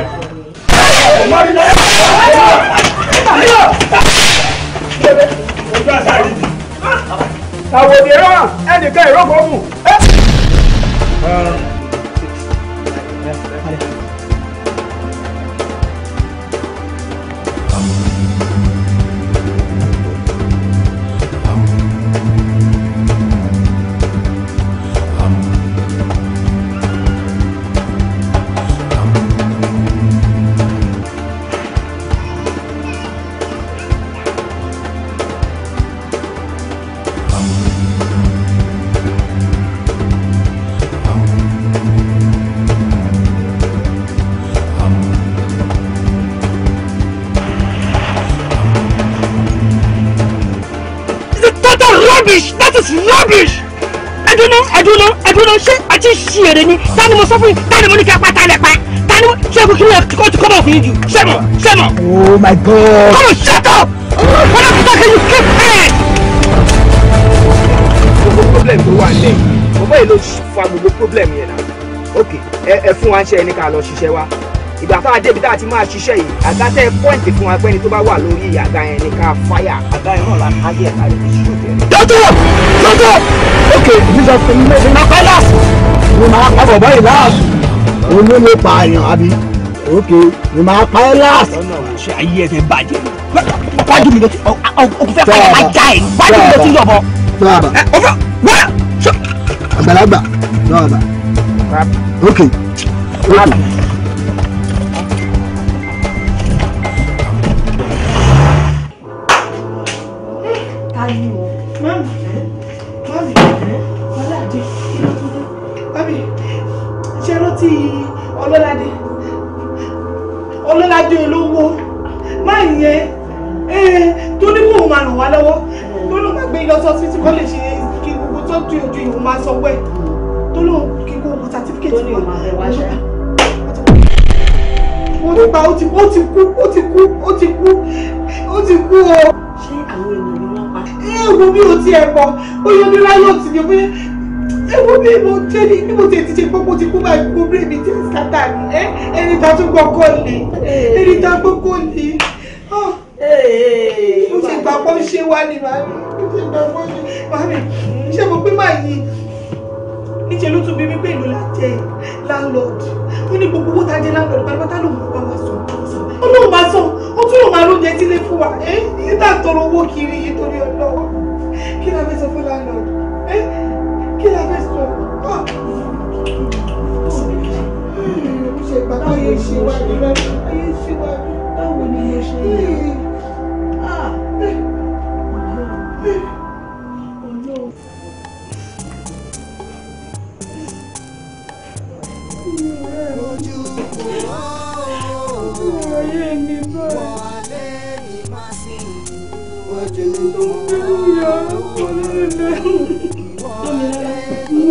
[SPEAKER 2] Thank you àwòdì rán ẹnìkan ìrókò mù. is rubbish. I don't know, I don't know, I don't know. Ṣé a ti ṣe èrè ni? Ta ni mo sọ fún yín? Ta ni mo ní kí a pa ta lẹ̀ pa? Ta ni mo ṣe kò kí ni ẹ̀kọ́ ti kọ́mọ̀ fún yín Ṣé mọ̀? Ṣé mọ̀? Oh my God! Come oh, on, shut up! What am I talking you keep quiet? Gbogbo problem tó wà nílẹ̀ yìí, bọ́bọ́ yìí ló fa gbogbo problem yẹn náà. Ok, ẹ fún wa ń ṣe ẹni ká lọ ṣiṣẹ́ wa ìgbà tá a débi tá a ti máa ṣiṣẹ́ yìí àga tẹ́ pọ́ǹtì fún agbẹ́ni tó bá wà lórí àga yẹn ní ká fáyà àga yẹn náà la ká yẹ ká lè fi ṣú jẹ. dọ́tọ̀ dọ́tọ̀ òkè ìdíjà fún mi lóṣù náà kọ́lá mo máa pa bàbá yìí láàṣù òun ló lè pa àyàn àbí òkè mo máa pa ẹ́ láàṣù. ṣé ayé ẹ bàjẹ́ wájú mi ló ti òkú fẹ́ fàyà máa ẹ̀ wájú mi ló ti yọ̀bọ. àgbàlagbà lọ́ọ̀bà Mama. tí ẹ mọ̀ bóyá onílá yóò ti ní bóyá ewu bí mo jẹ́ ní bí mo ti ti ṣe gbogbo ti kú báyìí gbogbo èmi jẹ́ sátà ní ẹ ẹni tá a tún gbọ́ kọ́ lè ẹni tá a gbọ́ kọ́ lè ah, mo ṣe gbàgbọ́ ṣe wá ní màmí
[SPEAKER 3] ṣe gbàgbọ́ ṣe màmí yí níṣẹ́ ló tún bí mi pé ìlú la jẹ́ landlord ó ní gbogbo owó tá a jẹ́ landlord pátápátá ló mọ̀ bá wa sọ ó
[SPEAKER 2] lóun máa sọ ó tún lóun máa lóúnjẹ sílé fún wa ẹ nígbà tọrọ owó kiri yìí torí ọlọ́wọ́
[SPEAKER 3] la fẹ́ sọ Oh, oh, oh! la fẹ́ sọ. ṣe pàtàkì eh, ṣe wá ní báwo ni Oh, oh, oh!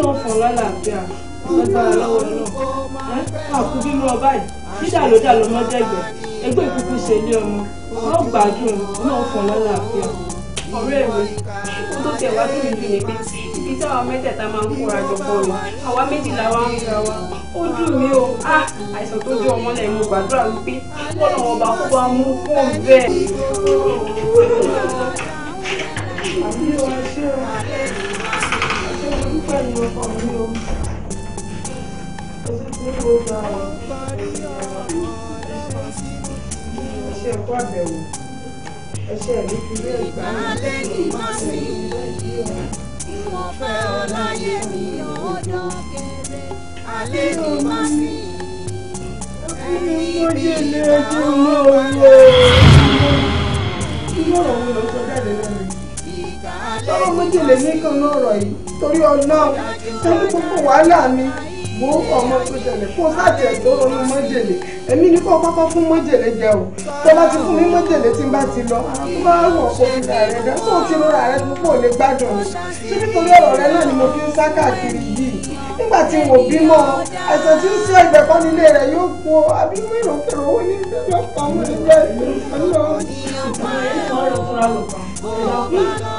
[SPEAKER 3] náà fọ̀
[SPEAKER 2] lálàáfíà lágbára
[SPEAKER 3] lọ́wọ́
[SPEAKER 1] náà
[SPEAKER 2] máa kú bínú ọba yìí dídà ló dà lọ́mọ dẹ́gbẹ̀ẹ́ ẹgbẹ́ ìkúkú ṣe ilé ọmọ wọ́n gbádùn náà fọ̀ lálàáfíà ọ̀rẹ́ mi mo
[SPEAKER 3] tó tiẹ̀ wá sí ìlú yẹn pé ibi tí àwa mẹ́tẹ̀ẹ̀ta máa ń kóra jọ pọ̀ ni àwa méjì làwa
[SPEAKER 2] ń ra wa ó dùn mí o àìsàn tó jẹ́ ọmọ lẹ́yìn mo gbàdúrà wípé kọ́nà ọba kó bá mú fún bẹ́ẹ̀.
[SPEAKER 3] Ìgbàlẹ́yìn má sí
[SPEAKER 1] tí mo fẹ́ ọ láyé mi ọ̀dọ́ kéré.
[SPEAKER 3] Àlejò má sí ẹni ibi ìgbà òye. Ìgbàlẹ́yìn má sí.
[SPEAKER 2] Tọ́lọ́ méjì lè ní kan lọ́rọ̀ yìí torí ọlọ́run ẹni gbogbo wàhálà mi wo ọmọ tó ṣẹlẹ̀ sáàtì ẹ̀dọ́ ronú mọ́jèlé èmi ní kó kọ́kọ́ fún mọ́jèlé jẹ o tó ti fún mi mọ́jèlé tí n bá ti lọ àwọn tó bá wọ̀ kó fi ra rẹ dán tó ti rọra rẹ tó kò lè gbádùn mi ṣé nítorí ọ̀rọ̀ rẹ náà ni mo fi ń sá káàkiri yìí nígbà tí n bímọ àìsàn tí ń ṣe ẹgbẹ́ kan nílé rẹ yóò kú o àbí mo ìrò kẹrò owó ní ìgbẹ́jọ́ pamọ́ ẹgbẹ́ ìlú ọlọ́run.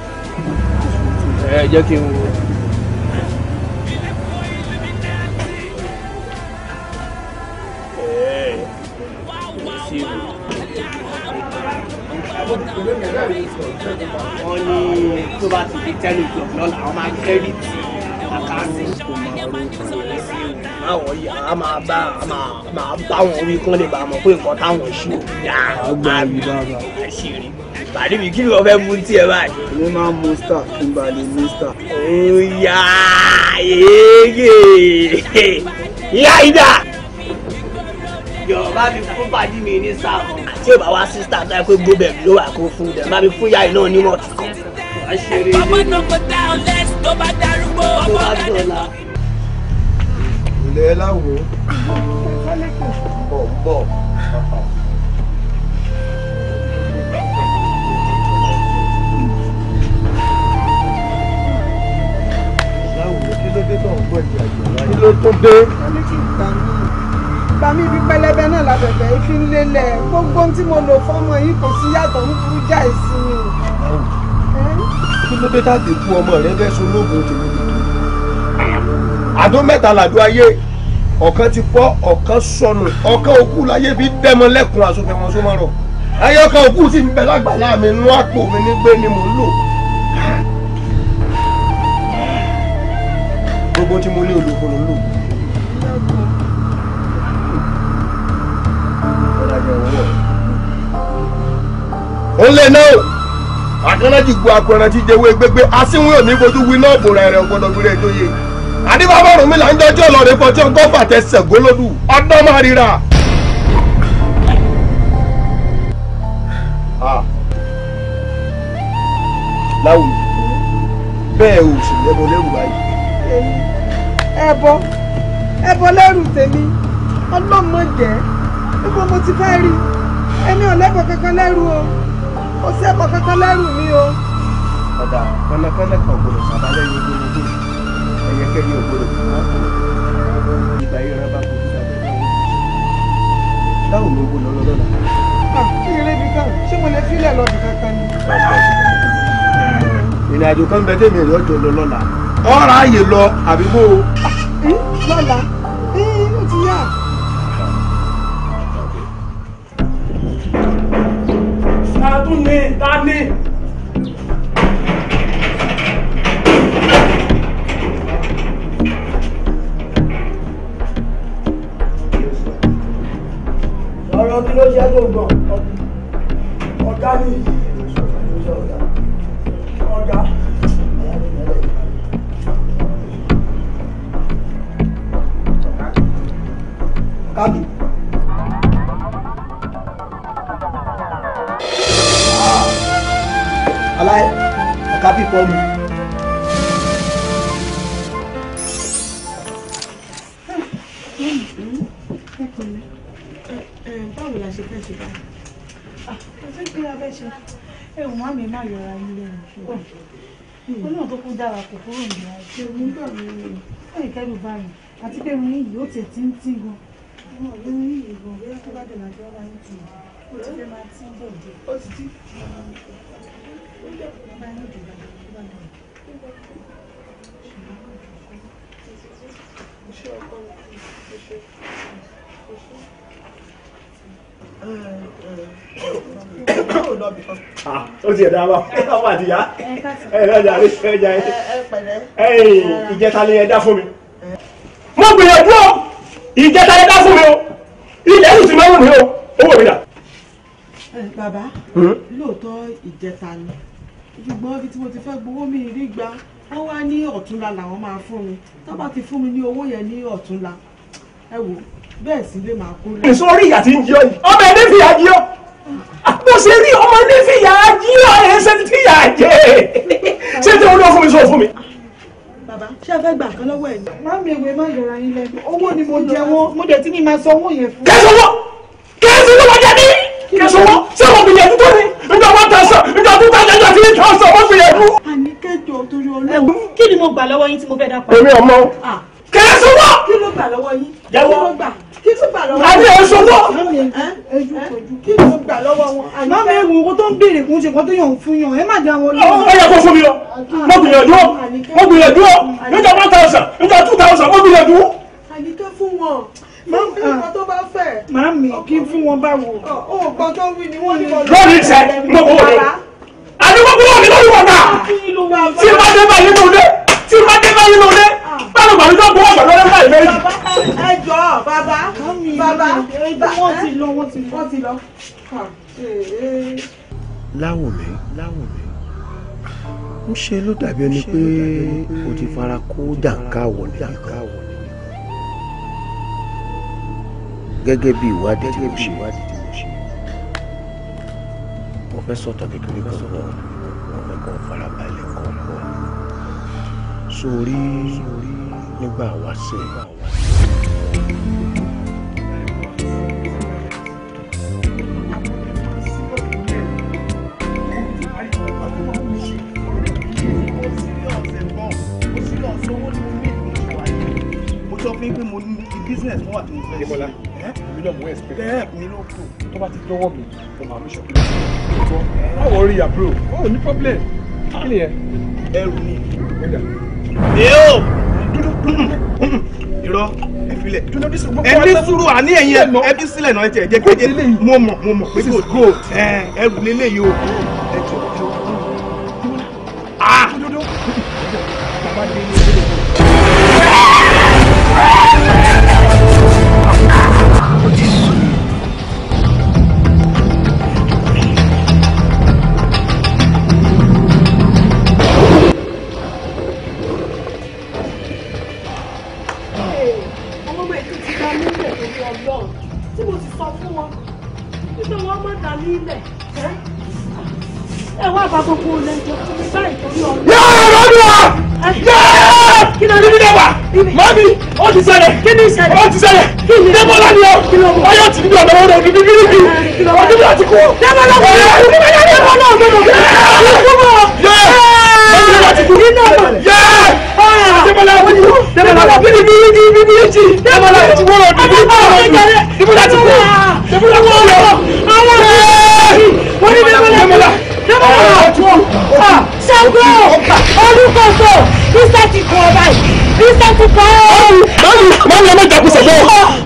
[SPEAKER 2] ẹ jẹ́ kí n wo. wọ́n ní tó bá ti di ten o'clock lọ́la àwọn máa ń kẹ́rì tí àkáǹtì kò máa ro àwọn yà á máa bá a máa bá wọn wí kán lè bá a mọ̀ pé nǹkan táwọn ṣe ò yá àmì àṣírí pàdé mi kí ni wọ́n fẹ́ mú tí ẹ báyìí. èmi máa ń mú star kí n bá lè mú star. ó yá yéèyè ìyá ìdá jọ̀ọ́ bá mi fún pàdé mi ní sáà àti ìbá wa sísítà tó yẹ kó gbóbẹ̀ ló wà kó fún dẹ̀ bá mi fún yáyì náà nímọ̀ tó kàn. bàbá náà kò
[SPEAKER 1] dá ọ lẹ́sìn tó bá darúgbó. tó bá dọ̀la
[SPEAKER 2] pẹ̀lẹ́ láwo bọ̀ ń tó dé. bàmí ibi pẹlẹbẹ náà la bẹ̀bẹ̀ ifi ń lélẹ̀ gbogbo tí mo lò fọ́mọ yìí kò sí yàtọ̀ ń kú já ìsinmi. kí ló dé tá a ti kú ọmọ rẹ fẹ́ so lóògùn tèmi àdó mẹ́ta làdó ayé ọ̀kan ti pọ́ ọ̀kan sọnù ọ̀kan òkú láyé fi dẹ́mọ lẹ́kùn àsopẹ̀ wọn só máa rọ̀ ayé ọ̀kan òkú sì ń bẹ lágbàlá mi nú àpò mi nígbé ni mò ń lò. gbogbo tí mo ní olùkọ́ ló ń lò. ó lè náà àkànná ti gbọ́ àpẹẹrẹ ti jẹ́wé gbégbé asínwó ò ní fojú wí náà bò rẹ̀ rẹ̀ ọ̀gbọ́dọ̀ gbére tó yé adébábọ̀rún mi là ń dọjọ́ ọlọ́rẹ́ fọjọ́ gọ́fà tẹ sẹ̀gólódù ọdọ́ máa ríra. láwùjọ bẹ́ẹ̀ o sì lẹ́bọ lẹ́rù báyìí. ẹbọ ẹbọ lẹ́rù tèmi ọlọ́mọ jẹ́ níbo mo ti fẹ́ rí èmi ò lẹ́bọ kankan lẹ́rù o kò sí ẹbọ kankan lẹ́rù mi o. ọ̀dà kọ́nẹ́kọ́nẹ́ kan gbọ́dọ̀ sábà lẹ́yìn ojú kẹ́yìn ògbódò fún wọn kù ìgbà yìí kan ah, ṣé mo lè fílẹ̀ lọ lọ́la ọ̀rọ̀ ààyè lọ àbí bó. Hmm? lọ́la
[SPEAKER 3] tiẹ̀ ti ń tí gan wọn ò lè bí wọ́n bá dẹ̀lá jọ wá ní tì ó ti fẹ́ máa tí ń bọ̀ jù. ó ti tí. wọ́n bá ní ìdìbò tó bá
[SPEAKER 2] dẹ̀ ó ti ẹ̀dá wa ọmọ àtìyá ẹ̀ẹ́dájà ẹ̀ ẹ̀ pẹ̀lẹ́ ẹ̀yìn ìjẹta ni ẹ dá fún mi. mi o ilẹ̀ ẹ̀sùn ti máa wù mí o owó mi dà.
[SPEAKER 3] bàbá hmm? lóòótọ́ ìjẹta ni ṣùgbọ́n ibi tí mo ti fẹ́ gbowó mi rí gba
[SPEAKER 2] wọ́n wá ní ọ̀túnla làwọn máa fún mi tó bá ti fún mi ní owó yẹn ní ọ̀túnla ẹ wò bẹ́ẹ̀ sì lè máa kó lọ. èso orí ìyá ti ń jí ọ yìí ọmọ ẹni fìyà jí ọ bó ṣe rí ọmọ ẹni fìyà jí ọ ẹ ṣe ti fìyà jẹ ṣé tí wọn lọ fún mi sọ fún mi
[SPEAKER 3] bàbá ṣé ẹ fẹ́ gbà kan lọ́wọ́ ẹ̀ ni. má mi ìwé má yọra yín lẹ́nu owó ni mo jẹ wọn mo dẹ̀ tí mi máa san owó yẹn fún. kẹsànwó kẹsànwó lọ jẹ mí kẹsànwó ṣé
[SPEAKER 2] wọn fi tó ni nígbà wọn tẹ sọ nígbà tó tẹ lẹ́jọ́ sí ìtàn sọ wọn fi yẹnu. àní kẹjọ torí
[SPEAKER 3] Ọlọ́run. kí ni mo gbà lọ́wọ́ yín tí mo fẹ́ dá èmi ọmọ.
[SPEAKER 2] Ah. kẹsànwó.
[SPEAKER 3] kí ló gbà lọ́wọ́ yín. jẹ́wọ́ kí àbí ẹ ṣọwọ́. kí ló gbà owó tó ń béèrè kún ṣe nǹkan tó yàn fún yàn ẹ má jẹ àwọn olóyún. yẹ kó fún mi lọ
[SPEAKER 1] mo gbìyànjú ọ mo gbìyànjú ọ níta one thousand níta two thousand mo gbìyànjú. àyíká fún
[SPEAKER 3] wọn màá mi kí fún wọn bá wò. lórí ìṣẹ́ gbogbo òde
[SPEAKER 2] àdúgbò gbogbo òde lórí wọn náà tí ìbá dé báyìí
[SPEAKER 1] lóde tí ìbá dé báyìí lóde lọ́rùn bàbá tó gbọ́ ọ̀gbà lọ́rẹ́ láì méjì.
[SPEAKER 3] ẹ jọ bàbá bàbá wọ́n ti lọ wọ́n ti wọ́n ti lọ.
[SPEAKER 2] láwùmí láwùmí ń ṣe ló dàbí ẹni pé o ti fara kó jàǹkáwọ̀ nìkan gẹ́gẹ́ bí ìwádìí tí mo ṣe mo fẹ́ sọ̀tọ̀ kékeré kan lọ mo fẹ́ kàn farabalẹ̀ kan lọ sórí nígbà wáṣẹ̀. sọ fún yín pé mo ní business fún wa tó ń fẹ́ ṣe. Débọ́lá mi náà mo ń expect. Bẹ́ẹ̀ mi ló kù. Tó bá ti dọ́wọ́ mi, mo máa mú ṣọ. Má wọ orí àbúrò, ó ní problem. Kí ni ẹ? Ẹrù ni. Ẹ o irọ́ ìfilẹ̀ ẹbí
[SPEAKER 1] sùúrù àní ẹ̀yìn
[SPEAKER 2] ẹbí sílẹ̀ náà ẹ kéde mo mọ̀ mo mọ̀ pé kò tó ẹrù lélẹ́yìí o. pé wọ́n mọ̀ dà ní ilẹ̀
[SPEAKER 3] ẹ wá bá gbogbo olè jẹ
[SPEAKER 2] fún mi báyìí torí ọ̀rọ̀. yàrá lọ́dún wa kí ni ibi dẹ́wà mọ́mí ó ti ṣẹlẹ̀ kí ni ṣẹlẹ̀ ó ti ṣẹlẹ̀ dẹ́bọ̀lá ni ó ọyọ́ ti níbi ọ̀dọ́ ọ̀dọ́ òdìdí bí níbi ọdún bí wọ́n ti kú. dẹ́bọ̀lá kò ní ọdún bí wọ́n ti kú. dẹ́bọ̀lá kò ní ọdún bí wọ́n ti kú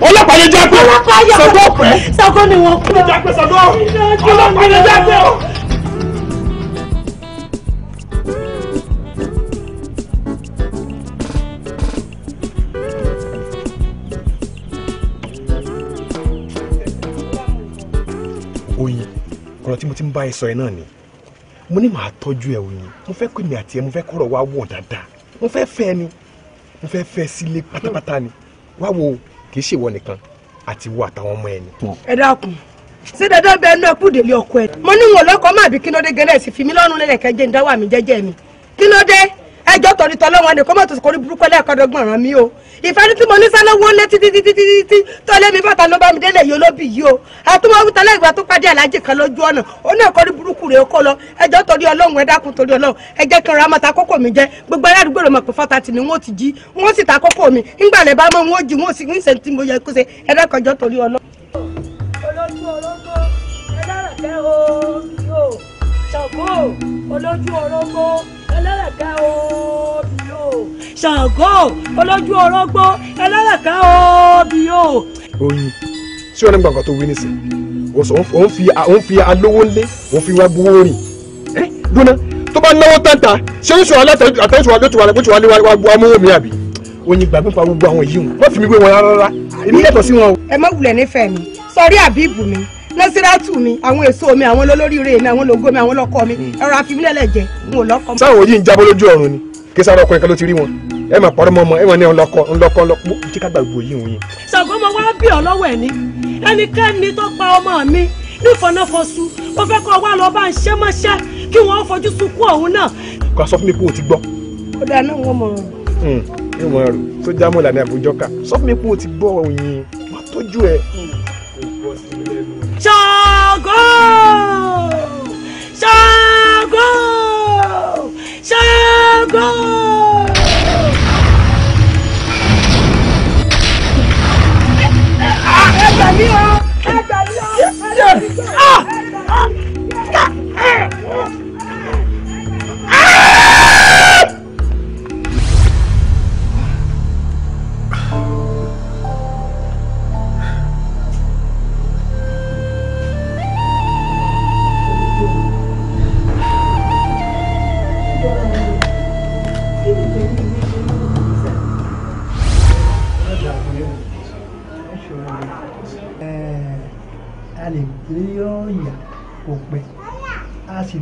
[SPEAKER 2] ọlọ́pàá yẹn jápẹ́ sọgọ́ ni wọ́n pẹ́ ọlọ́pàá yẹn jápẹ́ o. tí mo bá ẹ sọ ẹ náà ni mo ní màá tọ́jú ẹ òyìn mo fẹ́ pè mí àti ẹ mo fẹ́ kọ́rọ̀ wá wọ̀ dáadáa mo fẹ́ fẹ́ ni mo fẹ́ fẹ́ sílé pátápátá ni wá wo kì í ṣèwọ nìkan àti wo àtàwọn ọmọ ẹ ni. ẹ dákun ṣé dandan bẹ ẹnu ẹkú délé ọkọ ẹ mo ní wọn lọkọ má bí kí ló dé gẹlẹ sí fi mí lọ́rùn lẹlẹkẹ jẹ ń dáwà mi jẹ́jẹ́ mi kí ló ẹjọ́ torí tọ́lọ́ wọn ni kó mọ̀ tó kórí burúkú ẹlẹ́ẹ̀kọ́dọ́gbọ̀n ràn mí o ìfẹ́ ní tí mo ní sálọ́wọ́ lé títí títí títí tó lé mi bàtà ló bá mi délé yìí olóbì yìí o àtúmọ̀ wí tọ́lá ìgbà tó pàdé aláàjì kan lójú ọ̀nà
[SPEAKER 3] ó náà kórí burúkú rèé kó lọ ẹjọ́ torí ọlọ́run ẹ dákun torí ọlọ́run ẹ jẹ́ kí n ra mọ́ta kókò mi jẹ́ gbogbo ará àdúgbò rẹ̀ mọ̀ pé fọ́tà tì ní wọ́n ti jí wọ́n sì ta kókò mi ńgbà lẹ́ bá mọ́ wọ́n jí wọ́n sì ń ṣe ṣàngó olójú orógbó ẹlẹ́rẹ̀kẹ́ obìyó ṣàngó olójú orógbó ẹlẹ́rẹ̀kẹ́ obìyó.
[SPEAKER 2] oyin ṣé wọn ní gbàgbọ́ tó wí nísìn òun fi òun fi alówó ńlé òun fi wá gbowó rìn ẹ dúná tó bá náwó tàǹtà ṣé ń ṣòro àtẹ̀sùwà ló ti wà lẹ́gbẹ́ tí wà lé wa mú omi àbí oyin gbàgbé pa gbogbo àwọn yìí wọn fi mi wé wọn rárá èmi yàtọ̀ sí wọn o. ẹ má wulẹ̀ nífẹ̀ẹ́ mi sọrí àbíbù mi nọ́sírátù mi àwọn èso mi àwọn olólóríire mi àwọn lógo mi àwọn lọ́kọ mi hmm. ẹ̀rọ àfimílẹ̀lẹ̀ jẹ n ò lọ́kọ. sáwọn òyìn jábọ́ lójú ọ̀run ni kí sáré ọkùnrin kan ló ti rí wọn ẹ máa pọ́nrọ́ mọ́mọ́ ẹ wọ́n ní ọlọ́kọ ńlọ́kọ ńlọ́kọ tí ká gbàgbọ́ yìí wọ̀nyí. ṣàgbọ́mọ wá bí ọ lọ́wọ́ ẹ̀ ní ẹnikẹ́ni tó pa ọmọ mi nífọ̀nàfọ̀sù mo fẹ́ kọ́ wá lọ́ọ́ bá ń ṣe mọ́ṣẹ́ kí wọ́n fojú sunkún ọ̀hún náà. kò sọ fún mi pé o ti gbọ́. ó dáa náà wọ́n mọ̀ ọ́n. ìwọ̀n ẹ̀rù tó jámọ́ ìlànà àbújọ́ ká sọ fún mi pé o ti gbọ́ òyìn wàá tọ́jú ẹ̀. Hmm bọ́ sí mi lẹ́nu. Ṣàngó! Ṣàngó! Ṣàngó!
[SPEAKER 1] ẹ gbà mí o ẹ gbà mí o ẹ gbà mí o.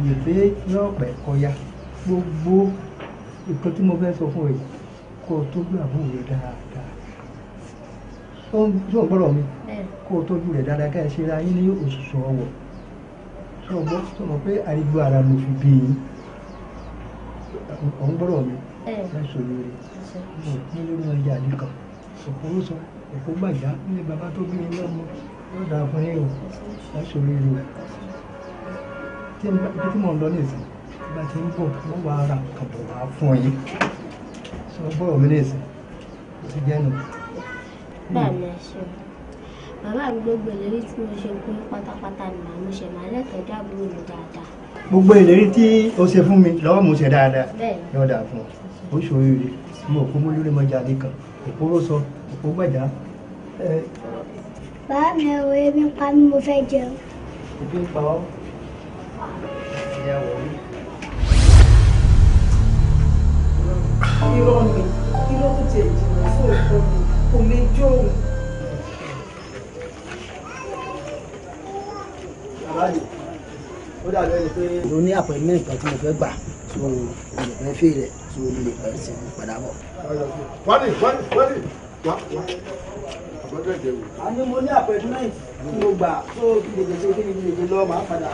[SPEAKER 2] mọ̀ pé yóò pẹ́ kọyá gbogbo nǹkan tí mo fẹ́ sọ fún ẹ kó o tọ́jú àbúrò rẹ dáadáa tó ń gbọ́dọ̀ mi kó o tọ́jú rẹ dáadáa ká ẹ ṣe ra yín ní òṣùṣù ọwọ́ sọ gbọ́ sọ mọ̀ pé ariwo ara ló fi bí yín ọ̀ ń gbọ́dọ̀ mi lẹ́sọ̀ lórí ní lórí ọjà àdìkan òkúrú sọ òkú gbàjá nílé bàbá tó bí mi lọ́mọ yóò dáa fún yín o lẹ́sọ̀ lórí o tí ibi tí mò ń lọ nìsín ìgbà tí ń bọ̀ wọ́n wá ara kan bọ̀ wá fún ọ yìí sọ gbọ́dọ̀ mi nìsín ó ti jẹ́ nù. báàmì
[SPEAKER 3] ẹṣẹ bàbá mi gbogbo ìlérí tí mo ṣe fún pátápátá ni màá mo ṣe máa lẹ́tọ̀ọ́ dábòrò
[SPEAKER 1] mi dáadáa.
[SPEAKER 2] gbogbo ìlérí tí o ṣe fún mi lọ́wọ́ mo ṣe dáadáa yóò dà fún ọ ó ṣòro rè mo kó mo lórí mọ́jà dé kan òpóró sọ òpó gbàjá.
[SPEAKER 3] bàbá mi ò ebi ń pa mí mo fẹ́ jẹun.
[SPEAKER 2] ebi ń pa ọ́ ìyàwó mi. irọ́ mi irọ́ tó ti ẹ̀jìnà sóòótọ́ mi kò lè jó òun. aláàjì ó dàbí ẹni pé. mo ní appointment kan tí mo fẹ́ gbà so mo lè fẹ́ fẹ́ rẹ̀ so mo fẹ́ sí i padà bọ̀. wádìí wádìí wádìí wá wá a ní mo ní appointment tí mo gbà tó kí jẹ́ kí lè jẹ́ lọ́ọ́ máa padà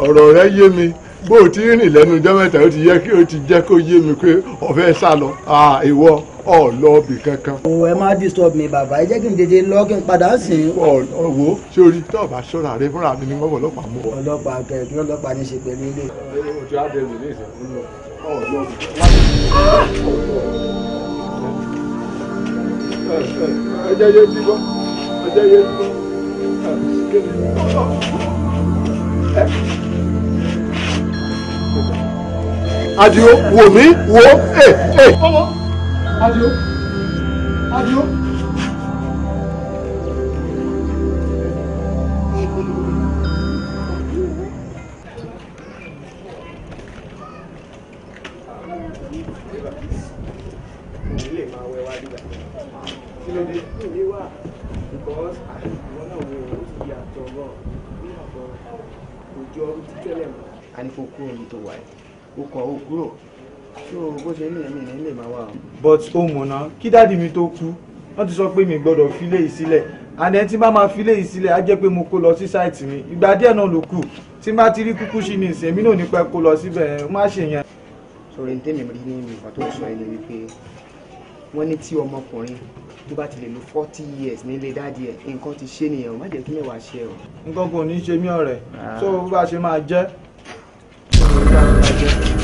[SPEAKER 2] ọ̀rọ̀ rẹ yé mi bó o ti rìn lẹ́nu ọjọ́ mẹ́ta ó ti yẹ kí o ti jẹ́ kó yé mi pé ọ̀fẹ́ sá lọ ìwọ ọ̀ lọ ibì kankan. o ẹ má disturb mi bàbá ẹ jẹ́ kí n tètè lọ kí n padà sìn. ọ̀wọ́ sórí tó o bá ṣọ́ra rẹ fúnra mi ni wọ́n bọ̀ ọlọ́pàá mú. ọlọ́pàá kẹ̀kẹ́ ọlọ́pàá ní í ṣe pẹ̀lú ilé. ọjọ́ adẹ́rù ní ìsẹ̀kú lọ ọ̀ lọ ibì kankan. ẹ jẹ́ yé bí wọ́n. Adio, wò mí, wò, eh, eh. Adio, Adio. ọkọ̀ ò kúrò so bó ṣe ní èmi ní lè máa wà. but ó mọ̀nà kí dáàdi mi tó kú wọ́n ti sọ pé mi gbọ́dọ̀ fi léyìí sílẹ̀ àná ẹni tí bá máa fi léyìí sílẹ̀ á jẹ́ pé mo kó lọ sí sáìtì mi ìgbà díẹ̀ náà ló kù tí n bá ti rí kúkú sí ní ìsìn èmi náà nípa kó lọ síbẹ̀ ẹ̀ má ṣe yẹn. sọ̀rọ̀ ní tèmi rí ní ìgbà tó sọ ẹ̀ lè rí pé wọ́n ní tí ọmọkùnrin tó bá ti lè lo forty years nílé dáàdi ẹ nǹkan ti ṣe nìyẹn o má jẹ́ kí mẹ́wàá ṣe o. nǹkan kò ní ṣe mí ọ̀rẹ́ tó ah. bá ṣe máa jẹ́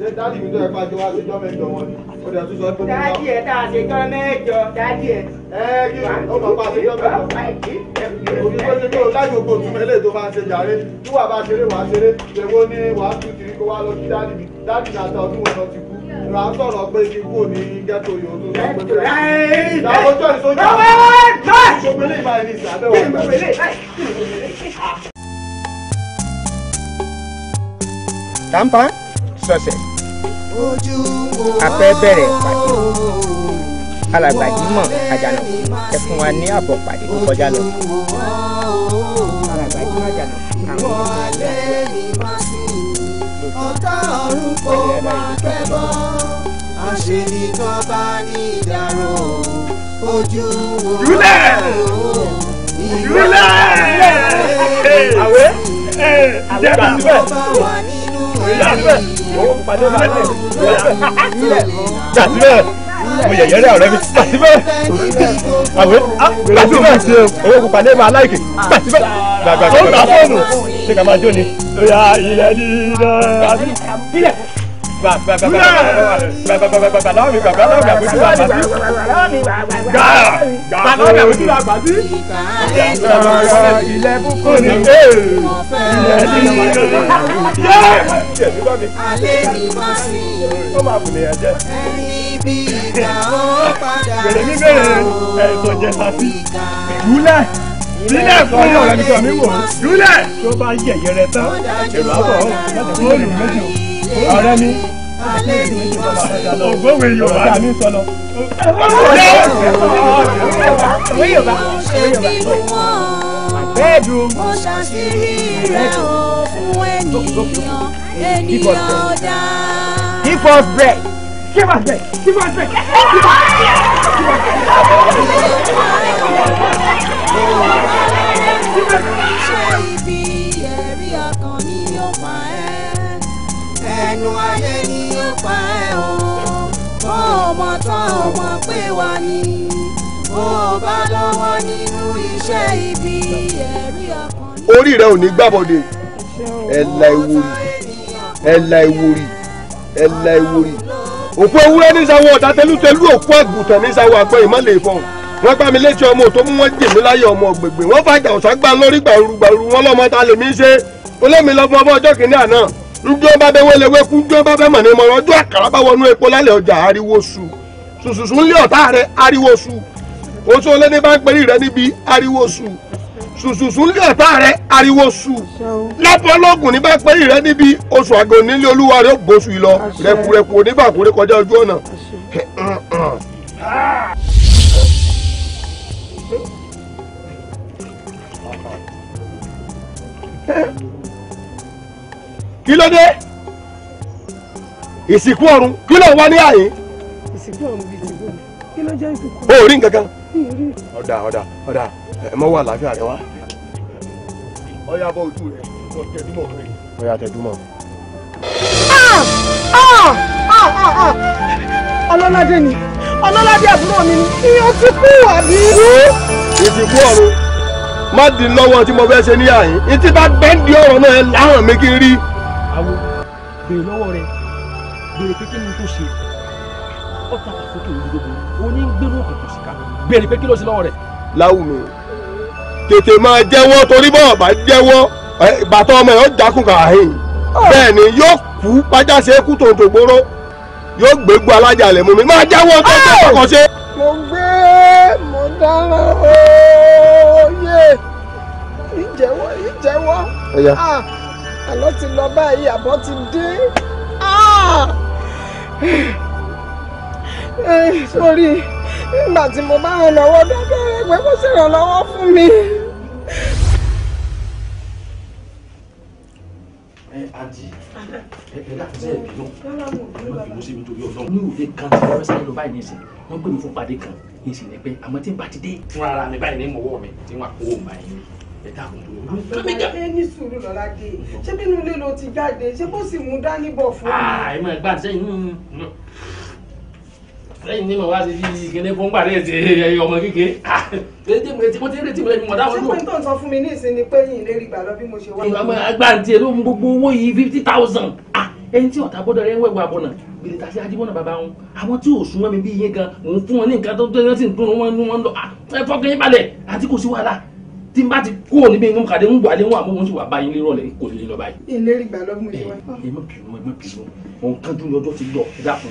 [SPEAKER 2] ṣé dáàdì mi tó ẹ pàjọ wá síjọ́ mẹ́jọ wọn ó dẹ̀ tún sọ pé. dáàdì ẹ tá a ṣe jọ mẹ́jọ dáàdì ẹ. ẹ kí ó mọ̀ pa àṣejọ́ mẹ́jọ. òbí tó ṣe pé o láyò kò tún mẹ́lẹ̀ tó máa ṣe jàre tí wàá bá ṣeré wàá ṣeré ṣèwọ́ ní wàá tún kiri kó wá lọ sí dáàdì mi dáàdì mi àtàwọn tí wọ́n lọ ti kú ra sọ̀rọ̀ pé kí kú ní ghetto yòó tó sọ pé lọ́sẹ̀
[SPEAKER 1] afẹ́ bẹ̀rẹ̀ pàdé alàgbàjímọ̀ àjànà ẹ wa ní àbọ̀ pàdé tó kọjá
[SPEAKER 2] lọ. alàgbàjímọ̀ àjànà àwọn ọmọ alẹ́
[SPEAKER 1] ọ̀tá ọ̀run kò máa fẹ́ bọ́ bá ní ìdárò ojú wo ìrúlẹ̀ ìrúlẹ̀ àwẹ̀ àwẹ̀ àwẹ̀ àwẹ̀ àwẹ̀ àwẹ̀ àwẹ̀ àwẹ̀ àwẹ̀
[SPEAKER 2] gbàdúrà
[SPEAKER 1] mo yẹ̀yẹ́ rẹ̀ ọ̀rẹ́ mi gbàdúrà àwẹ̀ gbàdúrà
[SPEAKER 2] ah, owó pupa ní ma láìkè
[SPEAKER 1] gbàdúrà gbàgbà tó ta fóònù
[SPEAKER 2] ṣé ká máa jó ni. ilẹ̀ ilẹ̀ ilẹ̀. Júlẹ̀ sílẹ̀ fún ọ̀rẹ́ mi kàn mí wò. Júlẹ̀ tó bá yẹ̀yẹ̀ rẹ tán, èrò àbọ̀ ọ̀hún láti fún olùmẹ́jọ ọ̀rẹ́ mi ògbówé yorùbá mi sọlọ. òwe yorùbá òwe yorùbá bẹ́ẹ̀dù. ó ṣàṣírí rẹ̀ ó
[SPEAKER 1] fún ènìyàn ènìyàn dá.
[SPEAKER 2] keep us bread. keep us bread. keep us
[SPEAKER 1] bread. keep us bread. keep us bread. ṣe ibi. wa ni bó o bá lọ́wọ́ nínú iṣẹ́ ibi ẹ̀rí
[SPEAKER 2] ọkàn. orí rẹ ò ní gbàbọ̀dé ẹ̀la ìwòrì ẹ̀la ìwòrì ẹ̀la ìwòrì òkú ewúrẹ́ nísàwọ̀ ọ̀tá tẹlutẹlu òkú àgùntàn nísàwọ̀ àgbẹ̀ ìmọ̀lẹ̀ ìfọ̀n wọ́n gbá mi létí ọmọ tó mú wọ́n jì mí láyé ọmọ gbègbè wọ́n fàjà ọ̀sán gbá lórí gbàrú gbàrú wọn lọ́mọ ta lèmi ṣe olómi lọ́mọ ọmọ ọjọ́ kìíní àná njó bá bẹ wẹlẹwẹ kú njó bá bẹ mọ̀ ní mọ̀ ọjọ́ àkàrà bá wọnú epo lálẹ́ ọjà ariwo sùn
[SPEAKER 1] sùsùsù ńlẹ̀ ọ̀tá rẹ̀
[SPEAKER 2] ariwo su oṣù olóde bá ń pẹ́rí rẹ̀ níbi ariwo su sùsùsù ńlẹ̀ ọ̀tá rẹ̀ ariwo su lápò ọlọ́gùn ní bá ń pẹ́rí rẹ̀ níbi oṣù àgọ́ nílé olúwa rẹ̀ gbóṣù ìlọ rẹ̀kùrẹ̀kù onígbàkúrẹ́ kọjá ojú ọ̀nà. kí ló dé ìsìnkú ọ̀run kí ló wá ní àyè ti gbọ́ mi bí ti gbọ́ mi kí ló jẹ́ ìkùkù. o rí nǹkan kan ọ̀dà ọ̀dà ọ̀dà ẹ mọ wà láàfin àrẹwà. ọyá bọ ojú rẹ tẹdúmọ rẹ. ọyá tẹdúmọ. Ah, ah, ah, ọlọ́ládé ni ọlọ́ládé àbúrò mi ni iye ti kú àbí. ìdìkú ọ̀run má di lọ́wọ́ tí mo fẹ́ ṣe ní àyín ìtí bá bẹ́ńdì ọ̀rọ̀ náà láhàn mi kí n rí. àwọn béèrè lọ́wọ́ rẹ̀ béèrè pé ni tó ṣe ọ̀tá àkókò ìdílógún ó bẹ̀rẹ̀ pé kí ló sí lọ́wọ́ rẹ̀. láwùmí tètè máa jẹ́wọ́ torí bọ́ọ̀ bá jẹ́wọ́ bàtà ọmọ yóò jákùn kàáhìn ah. bẹ́ẹ̀ ni yóò kú pàjá ṣe é kú tòǹtò gbóró yóò gbégbó alájà lẹ̀ mú mi máa jẹ́wọ́ tó tó kọ̀ọ̀kan ṣe.
[SPEAKER 1] mo gbé mo dáná
[SPEAKER 2] oye ìjẹ́wọ́ ìjẹ́wọ́ ah, àlọ́ ti lọ báyìí àbọ̀ ti dé. Ah sórí nígbà tí mo bá ràn lọ́wọ́ dábẹ́rẹ́ pé kó ṣèrànlọ́wọ́ fún mi. àǹtí ẹ láti fún pàdé kan ní ìsìn ẹgbẹ àmọ́ tí n bá ti dé fúnra ara mi báyìí ní mọ́wọ́ mi tí wọn kó òun báyìí ní ẹ dákun tó lóru. lọ́mídà
[SPEAKER 3] ẹ ní sùúrù lọ́ládé ṣé bínú ilé ti
[SPEAKER 2] jáde ṣé kó sì mú dání bọ̀ fún mi. àì ah, máa gbà sẹ́yìn lẹ́yìn ní màá wá sí bíi kíní fún gbàdé ti ẹyọ ọmọ kékeré ah, mo ti retí mi lẹ́yìn mọ̀ lò. ṣé pé tó ń sọ fún mi ní ìsinmi pé yìí lè rí ìbàdàn bí mo ṣe wá. ìgbà àgbàǹtì ẹ̀ ló ń gbogbo owó yìí fifty thousand ah, ẹni tí ọ̀tá gbọ́dọ̀ rẹ̀ ń wẹ̀wẹ̀ àbọ̀nà gbèrè tàṣí adébọ̀nà bàbá wọn àwọn tí ò sún mi bí iye gan òun fún wọn ní nǹkan tó tó yẹn sì ń ah, tí n bá ti kú òní bí n kàdé ń wà lé wọn àmọ́ wọn sì wà báyìí nírọ̀lẹ́ kò lè lọ báyìí. ìlérí gbà lọ́gbọ̀n ìwà. ẹ eh, ẹ má bínú ẹ má bínú òun kánjú lọ́jọ́ ti lọ dákun.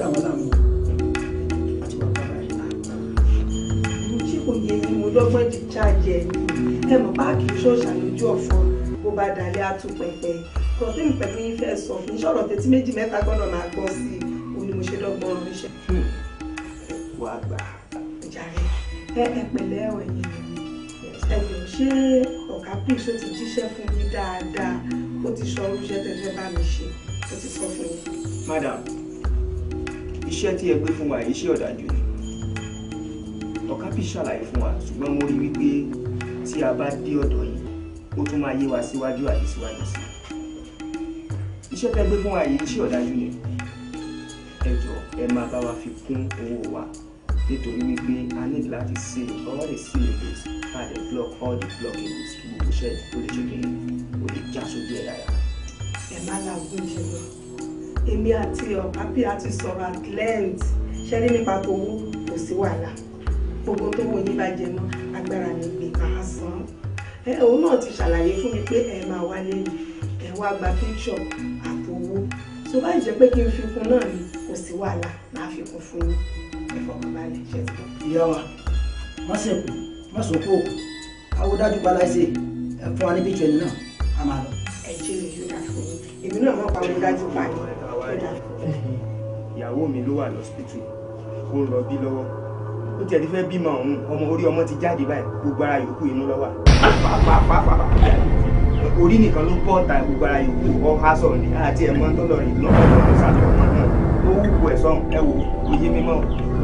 [SPEAKER 2] dà wọ́n láàmú àti yẹ
[SPEAKER 3] yín mo ti jáde ẹ̀ mọ̀ páàkì ṣọ́ọ̀ṣà lójú ọ̀fọ̀ bó bá dalẹ̀ àtúpẹ̀pẹ̀ ọ̀rọ̀ tẹ́mi pẹ̀lú yín sọ fún iṣẹ́ ọ̀rọ̀ méjì mẹ́ta gbọ́dọ̀ máa gbọ́ sí i òun ni mo ṣe
[SPEAKER 2] dọ́gbọ́n ọ̀rọ̀ iṣẹ́. wàá gbà jàre
[SPEAKER 3] ẹ ẹ pẹ̀lẹ́ ẹ̀wẹ̀ yìí ẹ̀jọ̀ ṣé ọ̀gá píìs ti jíṣẹ́ fún mi dáadáa
[SPEAKER 2] ó ti sọ irú iṣẹ́ bá mi ṣe ó ti sọ fún mi. madam iṣẹ́ tí ẹ gbé fún wa iṣẹ́ ọ̀dájú ni ọ̀kápì ṣàlàyé fún wa ṣùgbọ́n mo rí wípé tí a bá dé ọ̀dọ̀ yìí ó tún máa yé wa síwájú àti síwájú sí i iṣẹ́ tẹ́ gbé fún wa yìí iṣẹ́ ọ̀dájú ni ẹ jọ̀ọ́ ẹ máa bá wa fi kún owó wa nítorí wípé a need láti save all the syllables and the block all the block in this kí gbogbo iṣẹ́ ó lè ṣe kí ó lè já sójú ẹ̀ dára. ẹ má lágùn ìṣẹ́jú èmi àti ọ̀pápí àti
[SPEAKER 3] sọ̀rọ̀ at length ṣe rí nípa tòwó kò sí wàhálà gbogbo tó wọ yín bá jẹ mọ́ agbára mi gbé máa san ẹ òun náà ti ṣàlàyé fún mi pé ẹ máa wá lẹ́yìn ẹ wá gba píṣọ àtòwó tó bá jẹ́ pé kí n fi kún náà ni kò sí wàhálà máa fi kún fún yín ẹ fọkànbalẹ̀ ṣe tó.
[SPEAKER 2] ìyá wa má ṣe kù má sọ kó àwọn dájú paláṣẹ ẹ fún wa ní píṣọ ẹni náà a máa lọ. ẹ jẹ́ mi yóò èmi náà mọ̀ pa àwọn dájú pa ni. Ìbàdàn ìyàwó mi ló wà lọ́sípítù ó ń rọbí lọ́wọ́ ó tiẹ̀ ti fẹ́ bímọ ọ̀hún ọmọ orí ọmọ ti jáde báyìí gbogbo ara yòókù inú lọ́wọ́ orí nìkan ló bọ́ ọ̀tá gbogbo ara yòókù ọ̀há sọ̀rọ̀ ní àti ẹ̀mọ́ tọ́lọ́rin lọ́wọ́ lọ́wọ́ sàtọ̀ ọmọ náà ó wù ẹ̀ sọ̀hún ẹ wò ó yé mímọ́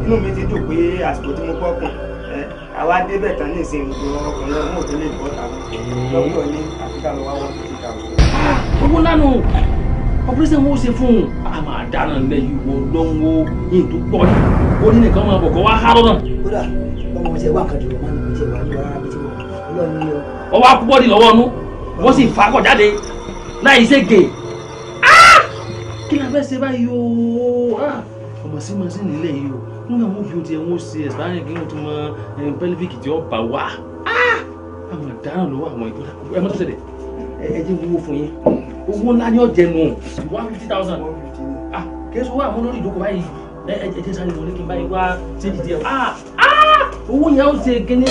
[SPEAKER 2] inú mi ti dùn pé àsìkò tí mo bọ́ kùn ẹ àwa débẹ̀ tán ní ìsìn gbogbo ọkùnrin ọmọ òtún lè bọ́ tàbí lọ́wọ́ ní àfikà lọ́wọ́ wọn ti ta owó lánàá ọpẹrẹsẹ wo ṣe fún un a máa dáná lẹ ìwọ lọ́wọ́ yìí tó pọ̀ ní ó ní nìkan máa bọ̀ kọ́ wá há lọ́nà. kódà báwo ṣe wá kàdùn ọmọ mi ti wà lọ́wọ́ rárá mi ti wà lọ́wọ́ mi lọ. ọwọ́ akúbọ́dì lọ́wọ́ nu wọ́n sì fà á kọ̀ jáde láì ṣe gè ah! kí la fẹ́ ṣe báyìí o ah! ọmọ sí máa ń sìn nílẹ̀ yìí o nígbà wọn fi ti ẹ̀ wọ́n ṣe ẹ̀sìpárìn kí wọ́n tún mọ eh, owó ńlá ni ọ̀jẹ̀ nù one fifty thousand ah kí ẹsùn wà mú lórí ìdókòó báyìí ẹ ẹ jẹ́ sáré wọlé kí n báyìí wá ṣé dìde ah ah owó yẹn ó ṣe kéne.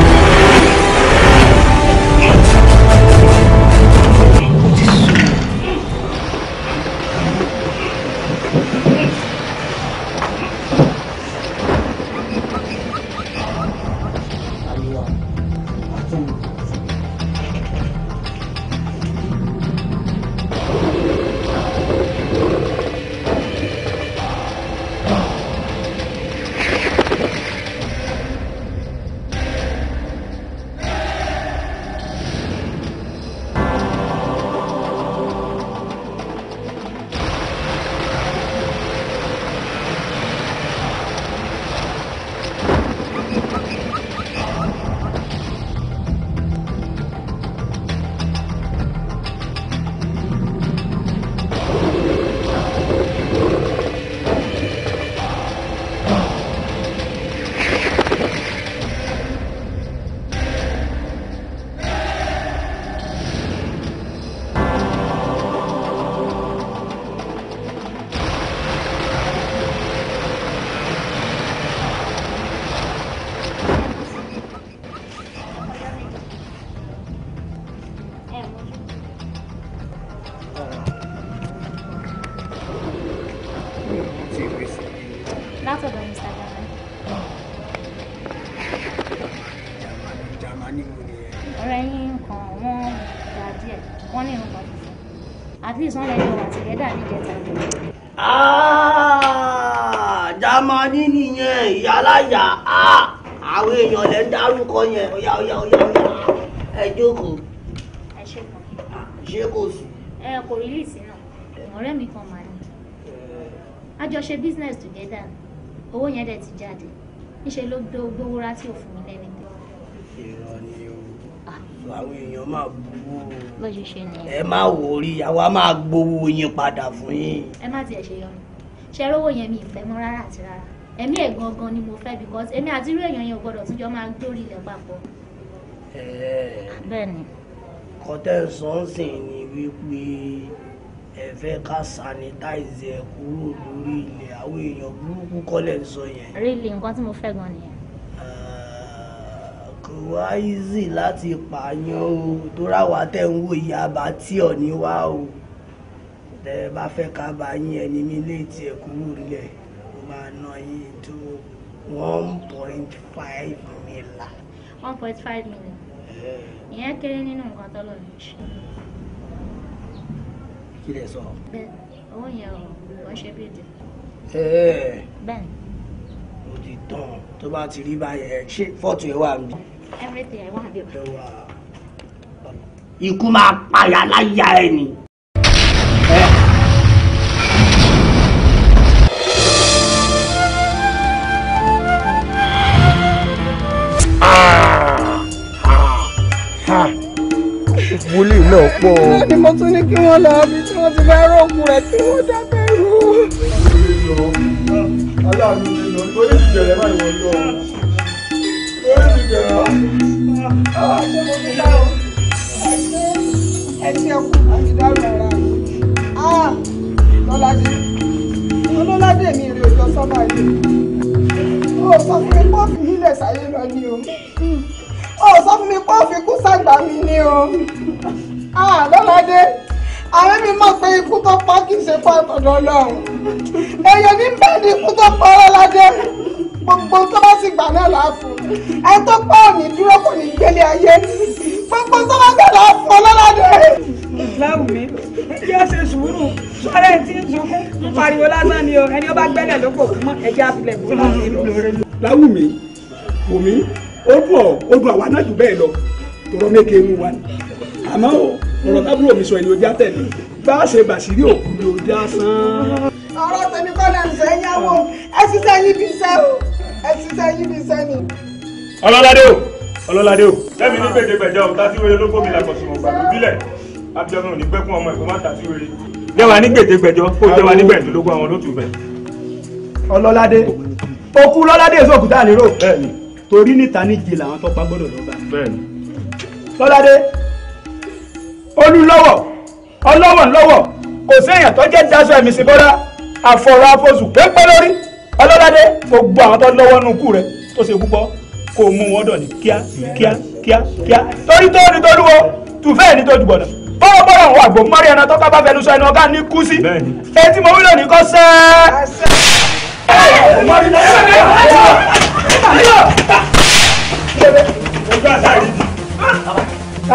[SPEAKER 2] wí yẹn ìyá alájà á àwọn èèyàn lẹ ń dárúkọ yẹn ọ̀yà ọ̀yà ọ̀yà ọ̀yà ẹ jókòó. ẹ ṣe kàn. ṣé kò sùn.
[SPEAKER 3] ẹ kò rí lìsì náà ọ̀rẹ́ mi kan mà ní. a jọ ṣe business together owó yẹn dẹ̀ ti jáde níṣẹ́ ló gbówó rá tí ò fún mi lẹ́nu pé.
[SPEAKER 2] irọ́ ni o àwọn èèyàn máa gbowó bó ṣe ṣe nìyẹn. ẹ má wò ó rí àwa máa gbowó yín padà fún yín.
[SPEAKER 3] ẹ má tiẹ̀ ṣe yọnu ṣe rówó yẹn mi ìfẹ́ mọ́ rárá àti rárá ẹ̀mí ẹ̀ gangan ni mo fẹ́ because èmi àti irú èèyàn yẹn ò gbọ́dọ̀ tún jọ máa dórí ilẹ̀ papọ̀.
[SPEAKER 2] bẹ́ẹ̀ni. kọ́tẹ́ sọ́ọ̀sìn ni wípé ẹ fẹ́ ká sanitize ẹ kúrò lórí ilẹ̀ àwọn èèyàn burúkú kọ́lẹ̀ ń sọ yẹn.
[SPEAKER 3] really nǹkan tí mo fẹ́ gan nìyẹn.
[SPEAKER 2] kò wá easy láti pààyàn o tó ráwa tẹ̀ ń wò ìyá bá tí ò ní wá o tẹ́ ẹ bá fẹ́ ká bá yín ẹni mi létí ẹ kúrò nílẹ̀ annoying to 1.5 million.
[SPEAKER 3] 1.5 million. Eh. ìyẹn kéré nínú nǹkan tó lọ ní ṣe. kí lè sọ. bẹ́ẹ̀ owó yẹn ò kò ṣe bí èdè.
[SPEAKER 2] Eh. bẹ́ẹ̀. mo ti tán tó bá ti rí báyẹn ṣé fọ́ọ̀tù ẹ̀ wà mí.
[SPEAKER 1] everything I wà bí o.
[SPEAKER 2] ikú máa payà láyà ẹ̀ ni. abúlé náà pọ̀. níbi mo tún ní kí wọ́n lọ bí tí wọ́n ti bá rọ́ọ̀kù rẹ̀ tí wọ́n dábẹ́ rú. aláàánú mi rè ọjọ́ sọ́ba yìí ó sọ pé bọ́ọ̀fù yìí sáyé lọ ni o ó sọ fún mi pé ó fi kú sàgbà mi ni o ah, lọ́ládé ààrẹ mi mọ̀ pé ikú tó pa kì í ṣe fún àtọ̀dọ̀ ọlọ́run èèyàn ní bẹ́ẹ̀ ni ikú tó pa lọ́ládé gbogbo tó bá sì gbà náà láàfù ẹ tó pa òní dúró kò ní gbélé ayé gbogbo tó bá gbà láàfù ọlọ́ládé. ìsìláàmù mi
[SPEAKER 3] kí ó ṣe sùúrù sọ́rẹ́ tí ń sunkún ń pariwo lásán ni o ẹni ó bá gbẹ́lẹ̀ lóko fún ẹ̀jẹ̀ àfilẹ̀ fún
[SPEAKER 2] ọ̀hún. láwùmí wùmí ó dùn ọ ó dùn àwa náà jù bẹ́ẹ̀ lọ tọrọ méke inú wa ni àmọ́ ọ̀rọ̀ tábúrò mi sọ ẹni ojú àtẹ̀lé bá a ṣe bàṣírí òkú ni ojú àsán. ọ̀rọ̀ tèmi kọ́ náà ṣe é yáwó ẹ ṣiṣẹ́ yín bí iṣẹ́ o ẹ ṣiṣẹ́ yín bí iṣẹ́ ni. ọlọ́ládé o ọlọ́ládé o. lẹ́mi ní gbèdégbèdé ọ̀hún tá sí wẹ́rẹ́ ló gómìnà àkọsùnmọ̀ gbàgbé bílẹ̀ abiyanu ò ní pẹ́ fún ọmọ ẹ̀kọ́ má tà sí wẹ́rẹ́. jẹ́wàá ní gbèdégbèjọ kó jẹ́wàá ní gbẹ̀dúndógún àwọn olótùú bẹ̀. ọlọ́ládé òkú lọ́ládé èso òkúta lérò. bẹ́ẹ̀ ni torí níta níje làwọn tó pa gbọ́dọ̀ lọ bá. lọ́ládé olùlọ́wọ̀ ọlọ́wọ̀ ńlọ́wọ̀ kò séèyàn tó jẹ́ daṣọ ẹ̀mí sí bọ́lá àfọ̀rọ̀ afọ̀sù pépé lórí ọlọ́ládé gbogbo àwọn tó lọ́wọ́ nù kú rẹ tó ṣe púpọ̀ kò mú wọn dọ̀ ní kíá kíá kíá kíá torí tó ní tolúwo tùfẹ́ ní tó dùgbọ̀dọ̀ bọ́wọ́ bọ́wọ́ àwọn àgbò mọ́rí ẹran tó ká bá fẹnu sọ ẹnu ọ̀gá ní kú sí etí mo wí lónìí kọ́ sẹ́ẹ́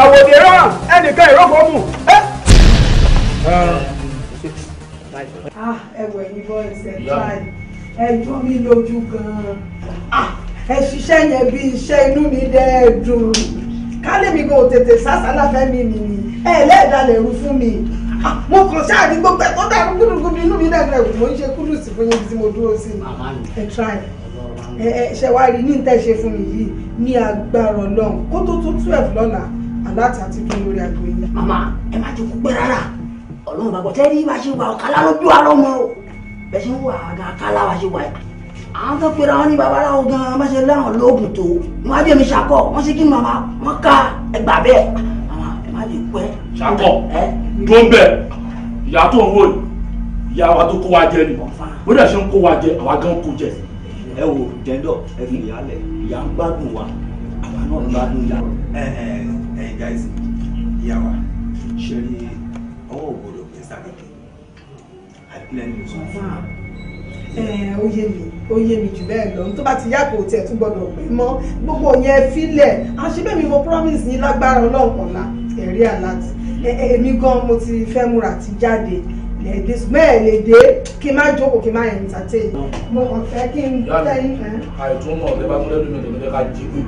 [SPEAKER 2] àwòdì rán ẹnìkan ìrọ́pọ̀ mù.
[SPEAKER 3] ẹwẹ̀ yìí bọ́ ẹsẹ̀ báyìí
[SPEAKER 2] ẹjọ́ mi lójú gan-an ẹ ṣiṣẹ́ yẹn bí iṣẹ́ inú mi dẹ́ẹ̀dùn kálẹ̀mí kò tètè sásálà fẹ́ mi mi ni ẹ̀ẹ́lẹ́ẹ̀dálẹ̀ rú fún mi mo kàn ṣáà ní gbogbo ẹ̀ tó dàrú gúdùgúdù inú mi náà rẹ̀ mo ń ṣe kúdù sí fún yín tí mo dúró sí
[SPEAKER 3] ẹ̀ try ẹ̀ ṣe wá rí ní tẹ́ ṣe fún mi yìí ní agbára ọlọ́run
[SPEAKER 2] kó tó tó twelve lọ́la aláta ti dún lórí aago yìí. màmá ẹ má jókòó pẹ́ rárá ọlọ́run bàbá tẹ́lẹ̀ bá ṣe wà ọ̀kálá lójú àárọ̀ mọ́ bẹ́ẹ̀ ṣe ń wà àga bá ṣe wà ẹ̀ àwọn tó pera wọn ní babaláwo gan wọn ṣe láwọn lóògùn tó wọn á bí omi ṣakọ wọn ṣe kí ni màmá wọn ká ẹgbà bẹ́ẹ̀ màmá ẹ má lè pẹ. ṣakọ tó ń bẹ ìyá tó ń wò yìí ìyá wa tó kó wa jẹ ni bó dẹ̀ ṣe ń kó wa jẹ àwa gan kó jẹ. ẹ wo jẹ́ńdọ̀ ẹ fi ìyá lẹ̀ ìyá ń gbádùn wa àwa náà ń gbádùn ìyá. ẹ ẹ ẹ guys ìyá wa ṣe ni ọwọ́ ògbódò mr àìpínlẹ̀ ní ó
[SPEAKER 3] yé mi ó yé mi jù bẹ́ẹ̀ lọ tó bá ti yá kò tiẹ̀ tún gbọ́dọ̀ pé mọ́ gbogbo yẹn filẹ̀ àṣebẹ́mi mo promise yín lágbára ọlọ́ọ̀kànlá ẹ̀rí àláti èmi gan mo ti fẹ́ múra ti jáde lẹ́ẹ̀dẹ́ ṣùgbọ́n ẹ̀ lè dé kí n má jókòó kí n má entertain mo kàn fẹ́ kí n tẹ́ yín fẹ́.
[SPEAKER 2] àìtúmọ̀ ọ̀tẹ́ bá tún lẹ́dùn mi lè fẹ́ ká jí pé.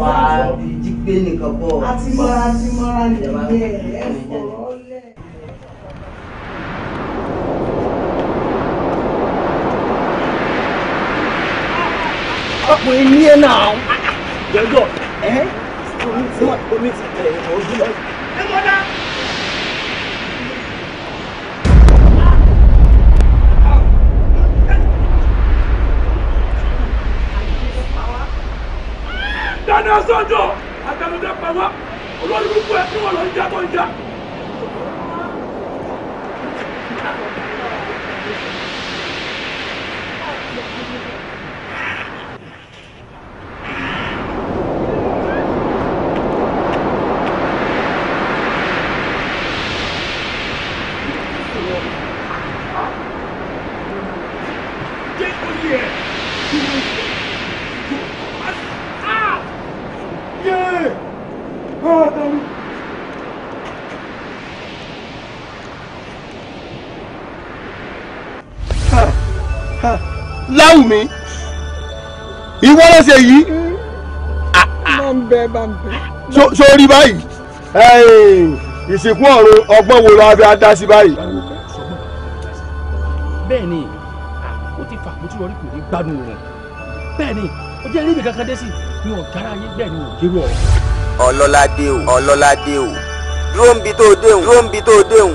[SPEAKER 2] wàá jí pé nìkan bọ̀. a ti mọra ti
[SPEAKER 3] mọra nìyẹn ẹ fọwọ́.
[SPEAKER 2] pè ní ẹ̀ náà jọjọ ẹ̀ omi omi ti tẹ̀ ẹ̀ ojú lọ. ẹ mọ̀ dá. dáná sọ́jọ́ àtàlùdá pàwọ́ olórí gbogbo ẹ̀ tí wọ́n lọ ń jà tó ń láwùmí ìwọ ló ṣe yìí. Ah, ah, ah. bá ń bẹ bá ń bẹ. sórí báyìí ìsìnkú ọ̀run ọgbọ́n wo la fi dá sí báyìí. bẹ́ẹ̀ ni ó ti fà kó tí wọ́n rí kò ní gbádùn rẹ̀ bẹ́ẹ̀ ni ó jẹ́ ríbi kankan dé sí ni ọ̀gára ayé bẹ́ẹ̀ ni òjèrú ọ̀rọ̀. ọlọ́ládé o ọlọ́ládé o dúró ń bi tó déhùn dúró ń bi tó déhùn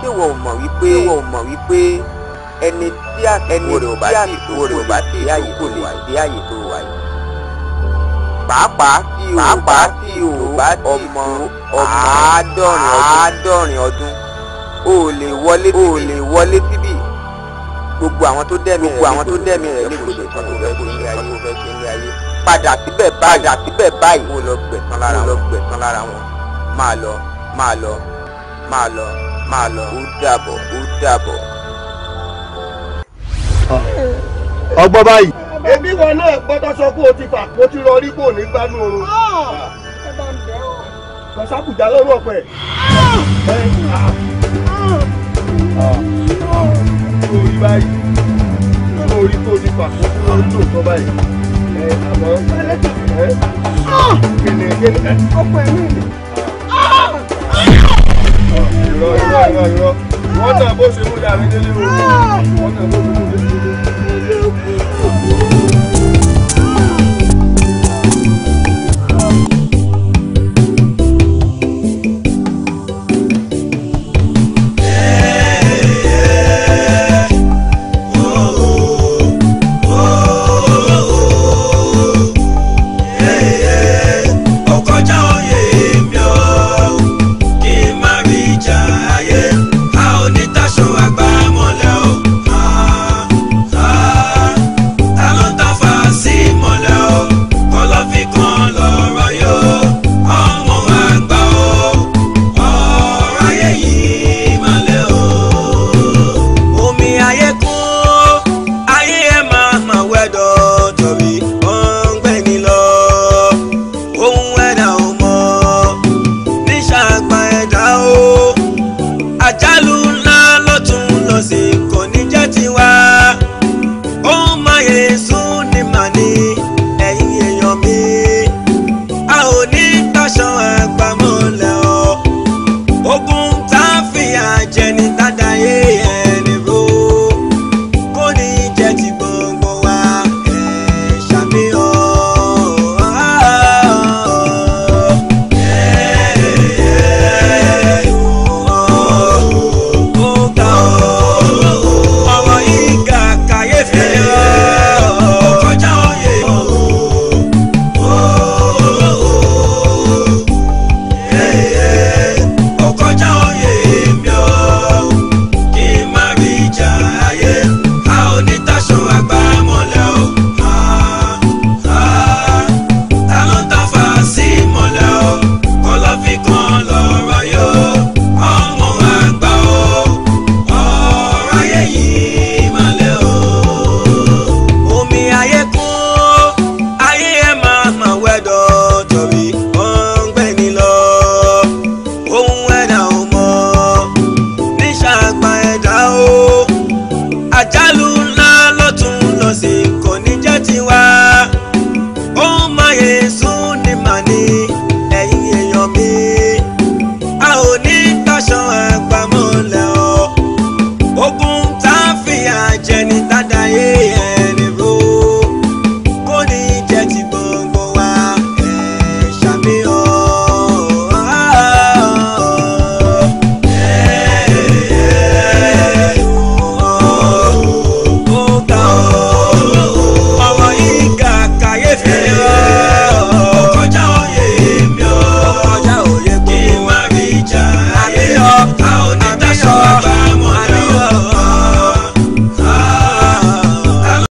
[SPEAKER 2] ṣé wọ́n mọ̀ wípé ẹni tí ẹni tí àsìkò rẹ̀ bá ti àyè tó wà sí àyè tó wà yìí. pàápàá tí o bá tí o bá ti ọmọ àádọ́rin ọdún o lè wọlé o lè wọlé síbí gbogbo àwọn tó dẹ́mi rẹ̀ gbogbo àwọn tó dẹ́mi rẹ̀ lè gbèsè tó lè gbèsè ní ayé fẹ́ ṣe ní ayé padà síbẹ̀ báyìí padà síbẹ̀ báyìí kó lọ gbẹ̀san lára wọn kó lọ gbẹ̀san lára wọn máa lọ máa lọ máa lọ máa lọ ó dàbọ̀ ó dàbọ̀ ọgbọ́n báyìí. ẹbí wọn náà gbọ́dọ̀ sọ pé o ti fà mo ti lọ rí kò ní gbanú oorun. kọ̀sákùjá ah! lọ́rùn ọ̀pẹ. Ah! Ah! orí báyìí orí tó ti fà mo ti lọ rí lóòótọ́ báyìí. àmọ́ kìnìún kìnìún. ọ̀pọ̀ ẹ̀mí mi. irọ́ irọ́ irọ́ irọ́ wọ́n tàn bó ṣe mú dàbí délé o wọ́n
[SPEAKER 1] tàn bó ṣe mú délé o. Oh, oh, oh.